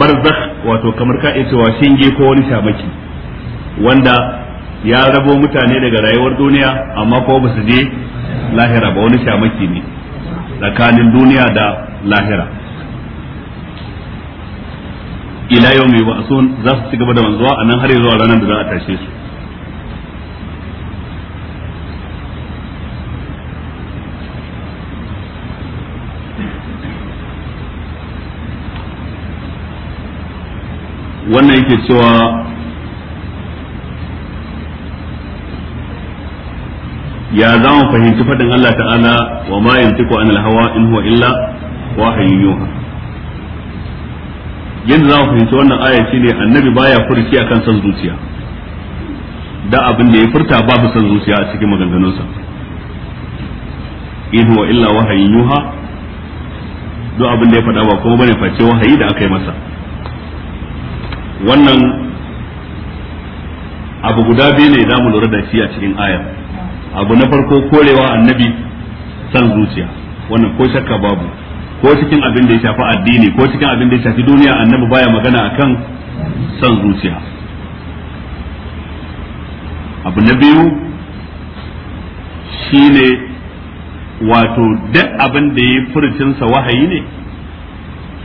barzakh wato kamar ka ce wa shinge ko wani shamaki wanda ya rabo mutane daga rayuwar duniya amma ko ba su je lahira ba wani shamaki ne tsakanin duniya da lahira ila yau mai wasu za su ci gaba da wanzuwa a nan har zuwa ranar da za a tashe su wannan yake cewa ya za mu fahimci faɗin Allah ta'ala wa ma yantiku anil hawa in huwa illa wahyun yuha Yin za mu fahimci wannan aya ne annabi baya furci akan san zuciya da abin da ya furta babu san zuciya a cikin maganganunsa in huwa illa wahyun yuha duk abin da ya faɗa ba kuma bane face wahayi da aka yi masa wannan abu guda biyu ne za mu lura da shi a cikin ayar abu na farko korewa annabi san zuciya wannan ko shakka babu ko cikin abin da ya shafi addini ko cikin abin da ya shafi duniya annabi baya magana akan san zuciya abu na biyu shine wato duk abin da ya furcinsa wahayi ne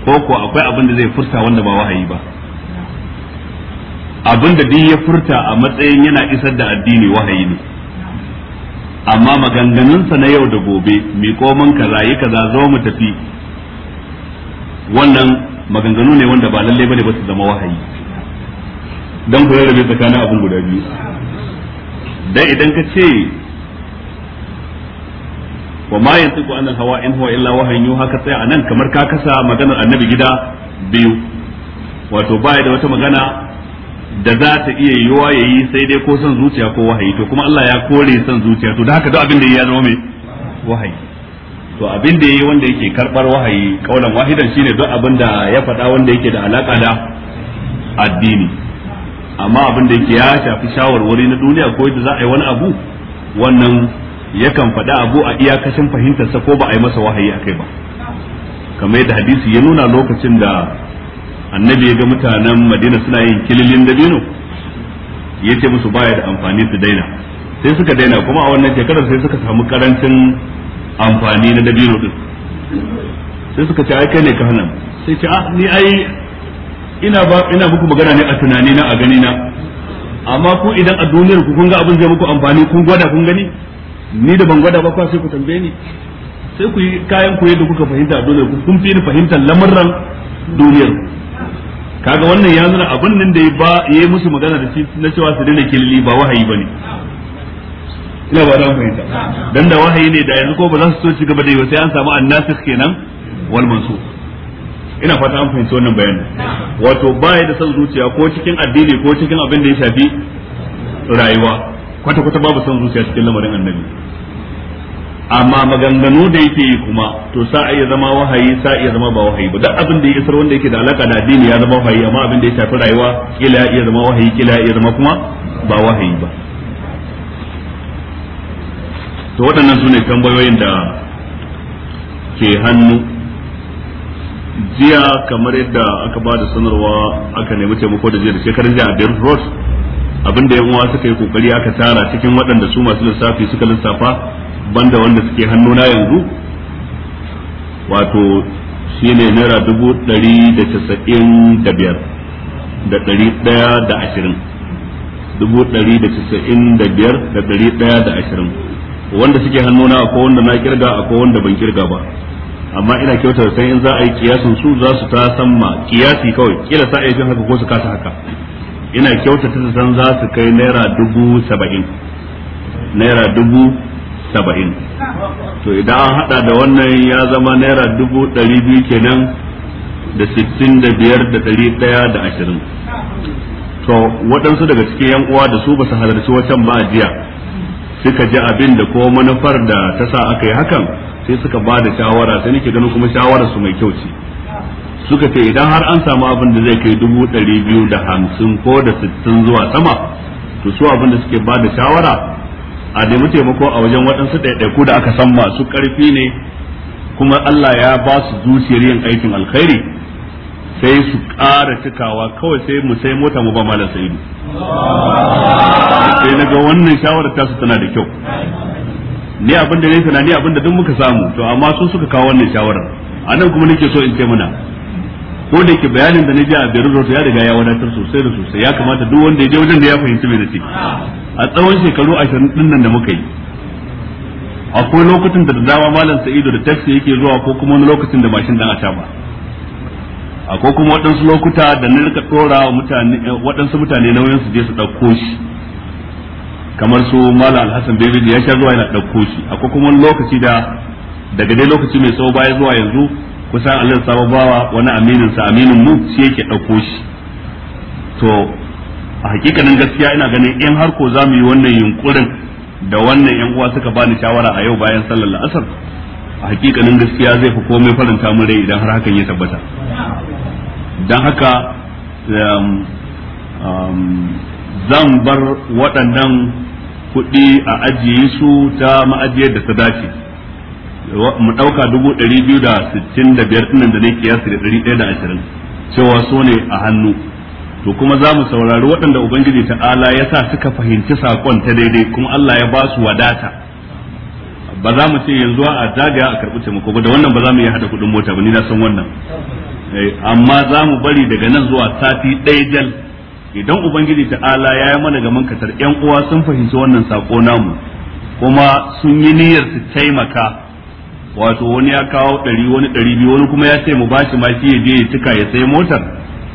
ko ko akwai abin da zai furta wanda ba wahayi ba abin da duk ya furta a matsayin yana isar da addini wahayi ne amma maganganunsa na yau da gobe mi ka rayu ka kaza zo mu tafi wannan maganganu ne wanda ba lalle bane ba su zama wahayi dan ku rarrabe tsakanin abin guda biyu dan idan ka ce wa ma yantiqu anil hawa in huwa illa wahayin yuha ka tsaya anan kamar ka kasa maganar annabi gida biyu wato baya da wata magana da za ta iya yiwa ya yi sai dai ko son zuciya ko wahayi to kuma Allah ya kore son zuciya to da haka duk abin da ya zama mai wahayi to abin da yayi wanda yake karbar wahayi kaulan wahidan shine duk abin da ya faɗa wanda yake da alaka da addini amma abin da yake ya shafi shawarwari na duniya ko yadda za a yi wani abu wannan yakan faɗa abu a iyakacin fahimtarsa ko ba a yi masa wahayi akai ba kamar yadda hadisi ya nuna lokacin da annabi ya ga mutanen madina suna yin kililin dabino ya ce musu baya da amfani su daina sai suka daina kuma a wannan shekarar sai suka samu karancin amfani na dabino din sai suka ce aika ne ka sai ce ah ni ai ina ba ina muku magana ne a tunani na a gani na amma ku idan a duniyar ku kun ga abin zai muku amfani kun gwada kun gani ni da ban gwada ba kwa sai ku tambaye ni sai ku yi kayan ku yadda kuka fahimta a duniyar ku kun fi ni fahimtar lamurran duniyar ku kaga wannan ya nuna abin nan da ya yi musu magana da shi na cewa su daina kilili ba wahayi bane ina ba dan fahimta dan da wahayi ne da yanzu ko ba za su so ci gaba da yi sai an samu annasikh kenan wal mansukh ina fata an fahimci wannan bayanin wato baya da son zuciya ko cikin addini ko cikin abin da ya shafi rayuwa kwata kwata babu son zuciya cikin lamarin annabi amma maganganu da yake yi kuma to sa iya zama wahayi sa iya zama ba wahayi ba duk abin da ya isar wanda yake da alaka da addini ya zama wahayi amma abin da ya shafi rayuwa kila iya zama wahayi kila iya zama kuma ba wahayi ba to waɗannan su ne tambayoyin da ke hannu jiya kamar yadda aka ba da sanarwa aka nemi taimako da jiya da shekarun jiya a Beirut Road abin yan uwa suka yi kokari aka tara cikin waɗanda su masu lissafi suka lissafa banda wanda suke hannuna yanzu wato shi ne naira dubu ɗari da casa'in da biyar da ɗari ɗaya da ashirin dubu ɗari da casa'in da biyar da ɗari ɗaya da ashirin wanda suke hannuna akwai wanda na kirga akwai wanda ban kirga ba amma ina kyautar sai in za a yi kiyasin su za su ta san ma kiyasi kawai kila sa iya haka ko su kasa haka ina kyautar ta san za su kai naira dubu saba'in naira dubu saba'in to idan an hada da wannan ya zama naira dubu ɗari biyu kenan da sittin da biyar da ɗari ɗaya da ashirin to waɗansu daga cikin yan uwa da su basu halarci wacan ba jiya suka ji abin da ko manufar da ta sa aka yi hakan sai suka ba da shawara sai nake ganin kuma shawarar su mai kyau ce suka ce idan har an samu abin da zai kai dubu ɗari biyu da hamsin ko da sittin zuwa sama to su abin da suke ba da shawara a nemi taimako a wajen waɗansu ɗaiɗaiku da aka san masu ƙarfi ne kuma Allah ya ba su zuciyar yin aikin alkhairi sai su ƙara cikawa kawai sai mu sai mota mu ba malam sa'idu sai na ga wannan shawarar tasu tana da kyau ni abin da ne ni abin da duk muka samu to amma su suka kawo wannan shawarar anan kuma nake so in ce muna ko da yake bayanin da na ji a biyar ya riga ya wadatar sosai da sosai ya kamata duk wanda ya je wajen da ya fahimci me nake a tsawon shekaru ashirin din nan da muka yi akwai lokacin da dama malam sa'idu da taxi yake zuwa ko kuma wani lokacin da mashin dan a ba akwai kuma waɗansu lokuta da na rika mutane eh, waɗansu mutane nauyin su je su ɗauko shi kamar su malam alhassan bebe ya sha zuwa yana ɗauko shi akwai kuma lokaci da daga dai lokaci mai tsawo baya zuwa yanzu kusan allah sababawa wani aminin sa aminin mu shi yake ɗauko shi to a hakikanin gaskiya ina ganin in har ko za mu yi wannan yunkurin da wannan yan uwa suka bani shawara a yau bayan sallar la'asar a hakikanin gaskiya zai fi komai faranta mun rai idan har hakan ya tabbata don haka um, um, zan bar waɗannan kuɗi a ajiye su ta ma'ajiyar da ta dace mu ɗauka dubu ɗari biyu da sittin da biyar ɗinan da na kiyasi da ɗari ɗaya da ashirin cewa so ne a hannu to kuma za mu saurari waɗanda ubangiji ta'ala ya sa suka fahimci saƙon ta daidai kuma Allah ya ba su wadata ba za mu ce yanzu a zagaya a karɓi taimako ba da wannan ba za mu iya haɗa kuɗin mota ba ni na san wannan eh, amma za mu bari daga nan zuwa sati ɗaya jal idan ubangiji ta'ala ya yi mana gaman mankatar yan uwa sun fahimci wannan saƙo namu kuma sun yi niyyar su taimaka wato wani ya kawo ɗari wani ɗari biyu wani kuma ya ce mu bashi ma shi ya je ya cika ya sai motar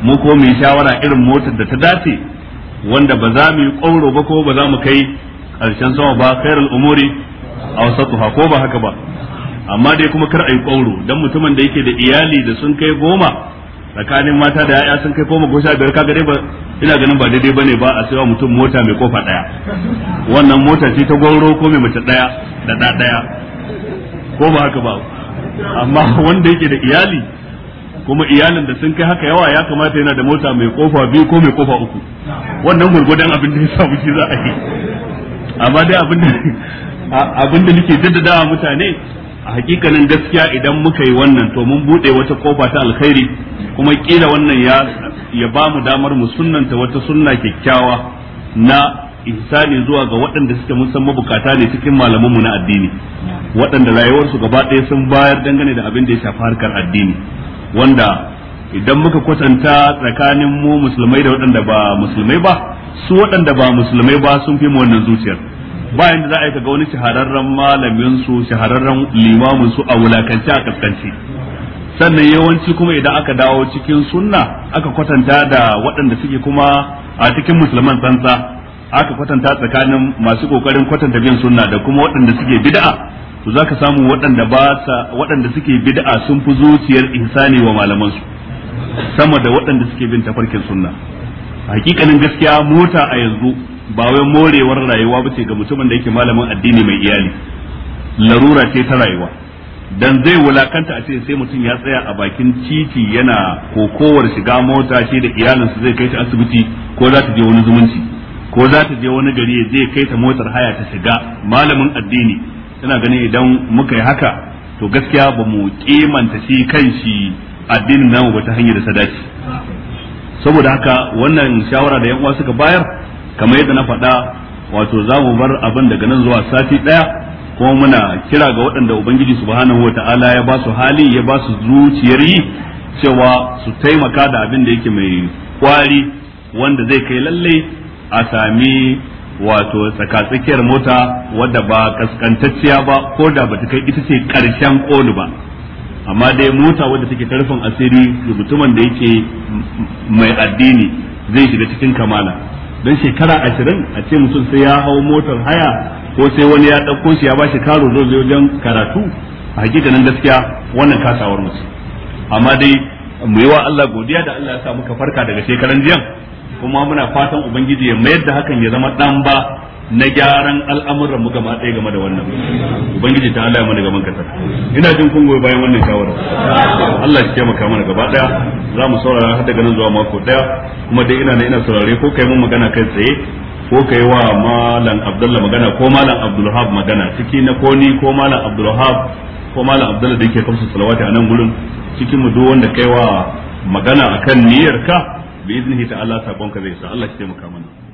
mu ko mu shawara irin motar da ta dace wanda ba za mu yi ƙauro ba ko ba za mu kai ƙarshen sama ba khairul umuri awsatuha ko ba haka ba amma dai kuma kar a yi ƙauro don mutumin da yake da iyali da sun kai goma tsakanin mata da yaya sun kai goma ko sha biyar kaga dai ba ina ganin ba daidai bane ba a wa mutum mota mai kofa daya wannan mota ce ta gwauro ko mai mace daya da da daya ko ba haka ba amma wanda yake da iyali kuma iyalin da sun kai haka yawa ya kamata yana da mota mai kofa biyu ko mai kofa uku wannan gurgudan abin da ya samu shi za a yi amma dai abin da abin da nake jaddadawa mutane a hakikanin gaskiya idan muka yi wannan to mun bude wata kofa ta alkhairi kuma kila wannan ya ya ba mu damar mu sunnanta wata sunna kyakkyawa na ihsani zuwa ga waɗanda suke mun san mabukata ne cikin malamanmu na addini waɗanda rayuwarsu gaba ɗaya sun bayar dangane da abin da ya shafi harkar addini wanda idan muka kwatanta tsakanin mu musulmai da waɗanda ba musulmai ba su waɗanda ba musulmai ba sun fi mu wannan zuciyar bayan da za a yi kaga wani shahararren malaminsu shahararren limamin su a wulakance a kaskanci sannan yawanci kuma idan aka dawo cikin sunna aka kwatanta da waɗanda suke kuma a cikin musulman tsantsa aka kwatanta tsakanin masu kokarin kwatanta bin sunna da kuma waɗanda suke bid'a to zaka samu waɗanda ba sa waɗanda suke bid'a sun fi zuciyar insani wa malamansu, sama da waɗanda suke bin tafarkin sunna hakikanin gaskiya mota a yanzu ba wai morewar rayuwa ba ce ga mutumin da yake malamin addini mai iyali larura ce ta rayuwa dan zai wulakanta a ce sai mutum ya tsaya a bakin titi yana kokowar shiga mota shi da iyalinsa zai kai ta asibiti ko za ta je wani zumunci ko za ta je wani gari zai kai ta motar haya ta shiga malamin addini suna ganin idan muka yi haka to gaskiya ba mu kimanta shi kan shi addinin namu ba ta hanyar da sadaci saboda haka wannan shawara da yan uwa suka bayar kamar yadda na faɗa wato za mu bar abin daga nan zuwa sati ɗaya kuma muna kira ga waɗanda ubangiji subhanahu ta'ala ya ba su hali ya ba su zuciyar yi cewa su taimaka da abin da yake mai kwari wanda zai kai lallai a sami wato tsaka tsakiyar mota wadda ba kaskantacciya ba ko da ba ta kai ita ce karshen koli ba amma dai mota wadda take karfin asiri da mutumin da yake mai addini zai shiga cikin kamala don shekara ashirin a ce mutum sai ya hau motar haya ko sai wani ya ɗauko shi ya ba shi karo zai wajen karatu a hakikanin gaskiya wannan kasawar mutum amma dai mu yi wa Allah godiya da Allah ya sa muka farka daga shekaran jiyan kuma muna fatan ubangiji ya mayar da hakan ya zama dan ba na gyaran al'amuran mu gaba ɗaya game da wannan ubangiji ta Allah mana gaban kasar ina jin kun goyi bayan wannan shawara Allah ya taimaka mana gaba ɗaya za mu saurara har daga nan zuwa mako ɗaya kuma dai ina ina saurare ko kai mun magana kai tsaye ko kai wa malam abdullahi magana ko malam Abdulhab magana ciki na ko ni ko malam Abdulhab ko malam abdullahi da yake kamsa salawati a nan gurin cikin mu duk wanda kai wa magana akan ka. bi iznihi ta'ala sabon ka zai sa Allah ya taimaka mana